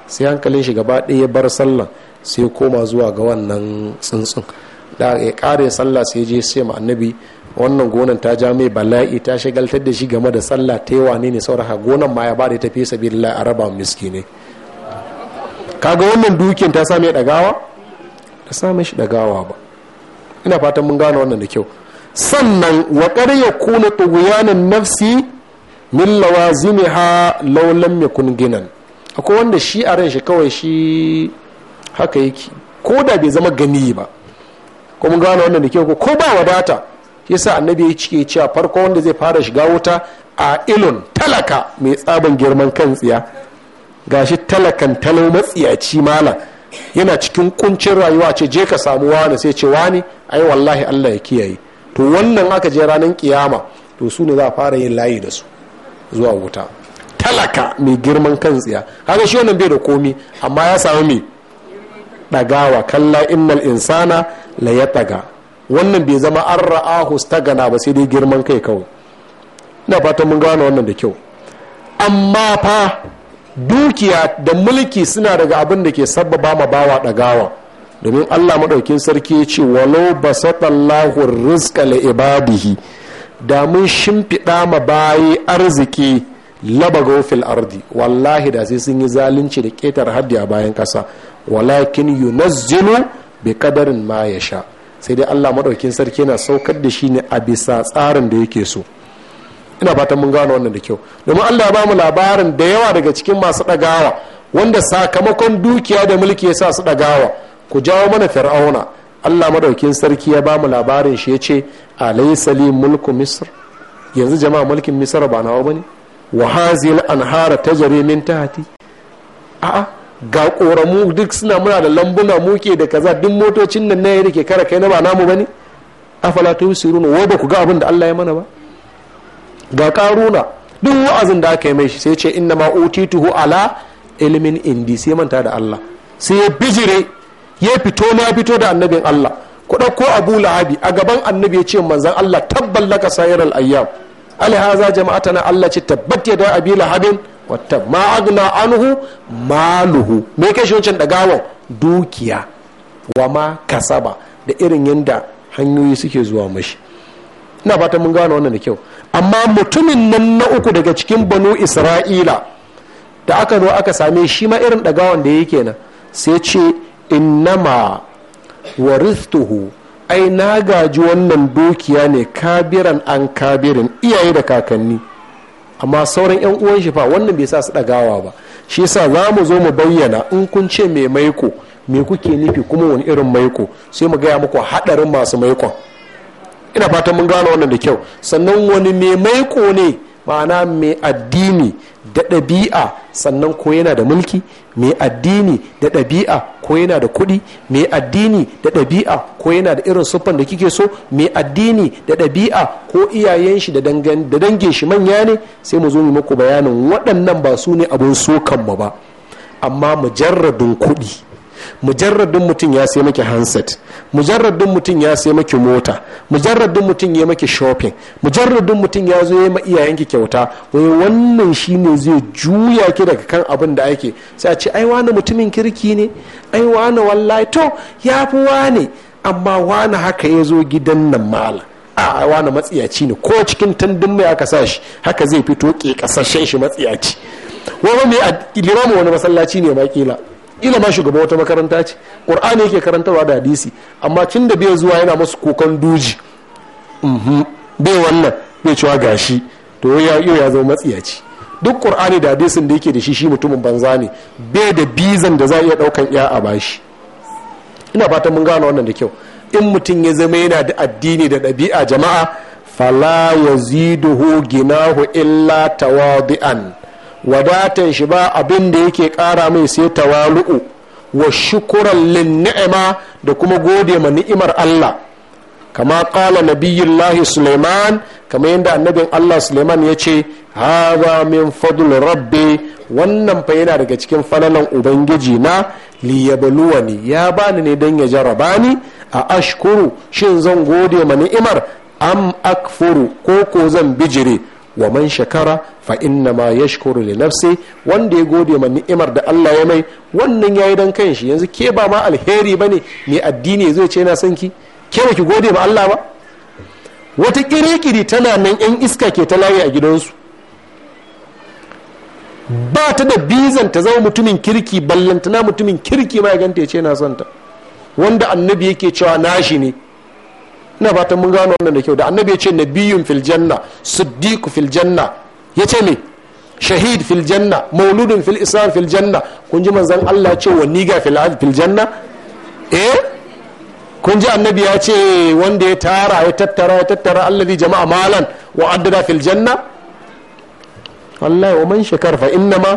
sai hankalin shi gaba ɗaya bar sallah sai koma zuwa ga wannan tsuntsun da ya kare sallah sai je sai ma annabi wannan gonan ta ja mai bala'i ta shagaltar da shi game da sallah ta yi wane ne sauraka gonan ma ya ba da ta fi sabi a raba miski ne kaga wannan dukin ta same dagawa ta same shi dagawa ba ina fatan mun gane wannan da kyau sannan wa ya kuna tuguyanin nafsi min lawazimiha ha laulan yakun akwai wanda shi a ran shi kawai shi haka yake ko da bai zama gani ba ko mun gano wannan da ke ko ba wadata sa annabi ya cike cewa farko wanda zai fara shiga wuta a ilon talaka mai tsaban girman kan tsiya gashi talakan talau matsiyaci malam yana cikin kuncin rayuwa ce je ka samu wani sai ce wani ai wallahi Allah ya kiyaye to wannan aka je ranar kiyama to su ne za a fara yin layi da su zuwa wuta talaka mai girman kan tsiya haka shi wannan bai da komi amma ya samu mai ɗagawa kalla innal insana la ya ɗaga wannan bai zama an ra'ahu stagana ba sai dai girman kai kawai ina fatan mun gane wannan da kyau amma fa dukiya da mulki suna daga abin da ke sabbaba ma bawa ɗagawa domin allah maɗaukin sarki ya ce walau basatallahu rizqa li ibadihi da mun shimfiɗa ma bayi arziki laba gofil ardi wallahi da sai sun yi zalunci da ƙetar haddi a bayan ƙasa walakin yunazzilu bi kadarin ma ya sha sai dai allah maɗaukin sarki yana saukar da shi ne a bisa tsarin da yake so ina fatan mun gano wannan da kyau domin allah ya bamu labarin da yawa daga cikin masu ɗagawa wanda sakamakon dukiya da mulki ya sa su ɗagawa ku jawo mana fir'auna allah madaukin sarki ya ba mu labarin shi ya ce a laisali mulku misr yanzu jama'a mulkin misra ba nawa bane wa hazil anhara tajri min tahti a'a ga koramu duk suna muna da lambuna muke da kaza duk motocin nan ne da ke kara kai na ba namu bane afala tusiruna wa ba ku ga abin da Allah ya mana ba ga karuna duk wa'azin da aka yi mai shi sai ce inna ma utituhu ala ilmin indi sai manta da Allah sai ya bijire ya fito na fito da annabin Allah ku ɗauko abu lahabi a gaban annabi ya ce manzan Allah tabbal laka sayar al'ayyam alhaza jama'ata na Allah ce tabbat ya da abi lahabin wata ma'agna anhu maluhu me kai shi wancan dagawan dukiya wa ma kasaba da irin yadda hanyoyi suke zuwa mashi ina fata mun gane wannan da kyau amma mutumin nan na uku daga cikin banu isra'ila da aka zo aka same shi ma irin dagawan da ya yake nan sai ce innama waristuhu ai na gaji wannan dukiya ne kabiran an kabirin iyaye da kakanni amma sauran yan uwan shi fa wannan bai sa su dagawa ba shi yasa za mu zo mu bayyana in kun ce mai maiko me kuke nufi kuma wani irin maiko sai mu gaya muku hadarin masu maikon ina fatan mun gane wannan da kyau sannan wani mai maiko ne ma'ana mai addini da ɗabi'a sannan ko yana da mulki mai addini da ɗabi'a ko yana da kuɗi mai addini da ɗabi'a ko yana da irin siffan da kike so mai addini da ɗabi'a ko iyayen shi da dange shi manya ne sai mu zo mu muku bayanin waɗannan ba su ne abin sokan mu ba amma mujarradin kuɗi mujarradin mutum ya sai maki handset mujarradin mutum ya sai maki mota mujarradin mutum ya maki shopping mujarradin mutum ya zo ya ma iyayenki kyauta wai wannan shi ne zai juya ki daga kan abin da ake sai a ce ai wani mutumin kirki ne ai wani wallahi to ya fi wani amma wani haka ya zo gidan nan mala a wani matsiyaci ne ko cikin tandin mai aka sa shi haka zai fito ke kasashen shi matsiyaci wani mai a wani masallaci ne ma kila ila ma shugaba wata makaranta ce ƙurani yake karantarwa da hadisi amma cin da bai zuwa yana masu kokon duji mhm. bai wannan bai cewa gashi to yau ya zama matsiyaci duk ƙurani da hadisin da yake da shi shi mutumin banza ne bai da bizan da za a iya ɗaukan ya a bashi ina fatan mun gane wannan da kyau in mutum ya zama yana da addini da ɗabi'a jama'a fala yaziduhu ginahu illa tawadi'an wadatan shi ba abin da yake kara mai sai tawalu'u wa shukuran lin ni'ima da kuma gode ma ni'imar Allah kama kala nabiyyullahi suleiman kama yadda annabin Allah suleiman ya ce haza min fadl rabbi wannan fa yana daga cikin fananan ubangiji na liyabluwani ya bani ne don ya jaraba ni a ashkuru shin zan gode ma ni'imar am akfuru ko ko zan bijire wa man shakara fa inna ma yashkuru li nafsi wanda ya gode ma ni'imar da Allah ya mai wannan yayi dan kanshi yanzu ke ba ma alheri bane mai addini zai ce na sanki ki ke ba ki gode ma Allah ba wata kirikiri tana nan yan iska ke ta layi a gidansu ba ta da bizan ta zama mutumin kirki ballantana mutumin kirki ma ya ganta ya ce na santa wanda annabi yake cewa nashi ne ina fatan mun gano wannan da kyau da annabi ya ce nabiyun fil janna siddiqu fil janna ya ce me shahid fil janna mauludun fil islam fil kun ji manzon Allah ce wa niga fil fil janna eh kun ji annabi ya ce wanda ya tara ya tattara ya tattara allazi jama'a malan wa addada fil janna wallahi wa man shakar fa innama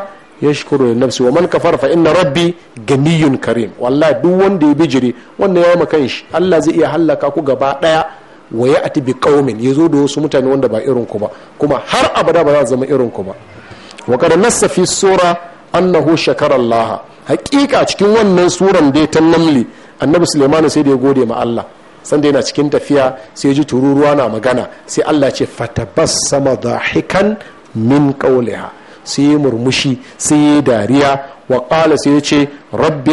shukuru da nafsi wa man kafara fa na rabbi ganiyun karim wallahi duk wanda ya bijiri wanda ya maka kanshi Allah zai iya hallaka ku gaba daya wa ati bi ya zo da wasu mutane wanda ba irin ku ba kuma har abada ba za su zama irin ku ba wa qad nassa fi sura annahu shakara laha haqiqa cikin wannan suran da ta namli annabi Sulaiman sai da ya gode ma Allah sanda yana cikin tafiya sai ya ji tururuwa na magana sai Allah ce fatabassama dahikan min qawliha sai yi murmushi sai yi dariya wa qala sai ce rabbi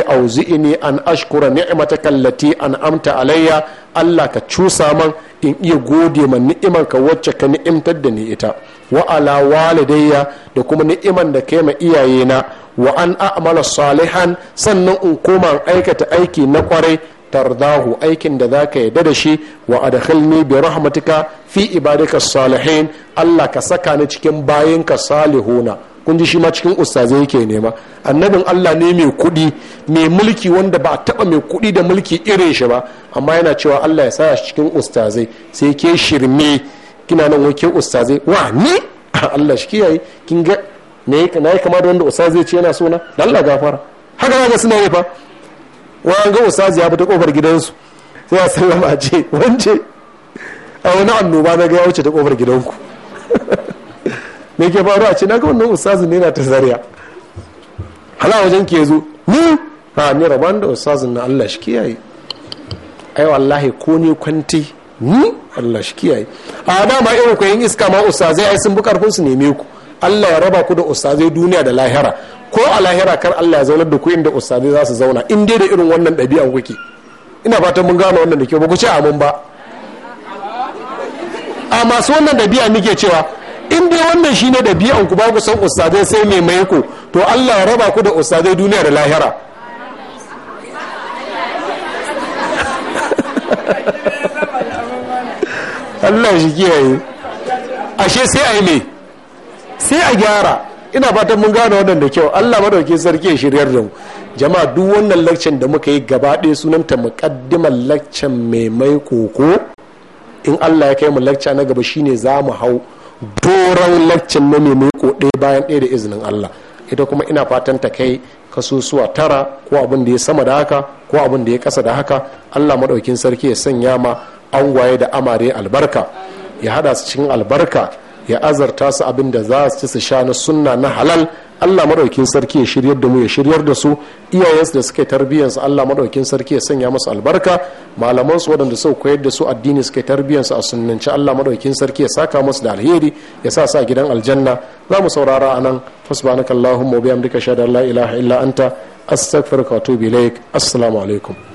ne an ashkura ni'imata kallati an amta alayya Allah ka cusa man in iya gode ma ni'iman ka wacce ka ni'imtar da ni ita wa ala walidayya da kuma ni'iman da kai ma iyayena wa an a'mala salihan sannan in koma in aikata aiki na kwarai tardahu aikin da zaka yarda da shi wa adkhilni bi rahmatika fi ibadika salihin Allah ka saka ni cikin bayinka salihuna kun ji shi ma cikin ustazai yake nema annabin Allah ne mai kuɗi mai mulki wanda ba a taɓa mai kuɗi da mulki irin shi ba amma yana cewa Allah ya sa cikin ustazai sai ke shirme kina nan wake ustazai wa ni [laughs] Allah shi kiyaye kin ga ne na yi kama da wanda ustaze ce yana sona da Allah gafara haka ga suna yi fa wa ga ustaze ya fita kofar gidansu sai ya sallama ce wance a wani annoba na ga ya wuce ta kofar gidanku [laughs] me ke faru a ce na ga wannan ustazin ne na ta zariya hala wajen ke zo ni ha ni rabon da ustazin na Allah shi kiyaye ai wallahi ko ne kwanti ni Allah shi kiyaye a dama irin ku yin iska ma ustazai ai sun bi karfin su neme ku Allah ya raba ku da ustazai duniya da lahira ko a lahira kar Allah ya zaunar da ku inda ustazai za su zauna in dai da irin wannan ɗabi'an kuke ina fatan mun gane wannan da kyau ba ku ce amin ba a masu wannan dabi'a muke cewa in dai wannan shine dabi'an ku ba ku san ustazai sai mai mai ku to Allah ya raba ku da ustazai duniya da lahira [laughs] Allah shi kiyaye ashe sai a yi me sai a gyara ina fatan mun gane wannan da kyau Allah madauki sarki ya shiryar da mu jama'a duk wannan lakcin da muka yi gaba ɗaya sunanta muƙaddimar lakcin mai mai koko in allah ya kai mu lacca na gaba shine za mu hau doron laccan na mai ko ɗaya bayan ɗaya da izinin allah ita kuma ina fatan ta kai kasusuwa tara ko abin da ya sama da haka ko abin da ya kasa da haka allah maɗaukin sarki ya sanya ma angwaye da amare albarka ya hada su cikin albarka ya azarta su abin da za su ci su sha na sunna na halal allah maɗaukin sarki ya shiryar da mu ya shiryar da su iyayensu da suka tarbiyyarsu allah maɗaukin sarki ya sanya musu albarka malamansu waɗanda suka koyar da su addini suka tarbiyyarsu a sunnanci allah maɗaukin sarki ya saka musu da alheri ya sa sa gidan aljanna za mu saurara a nan fasbanaka allahumma wa bihamdika shada la ilaha illa anta astaghfiruka wa atubu ilaik assalamu alaikum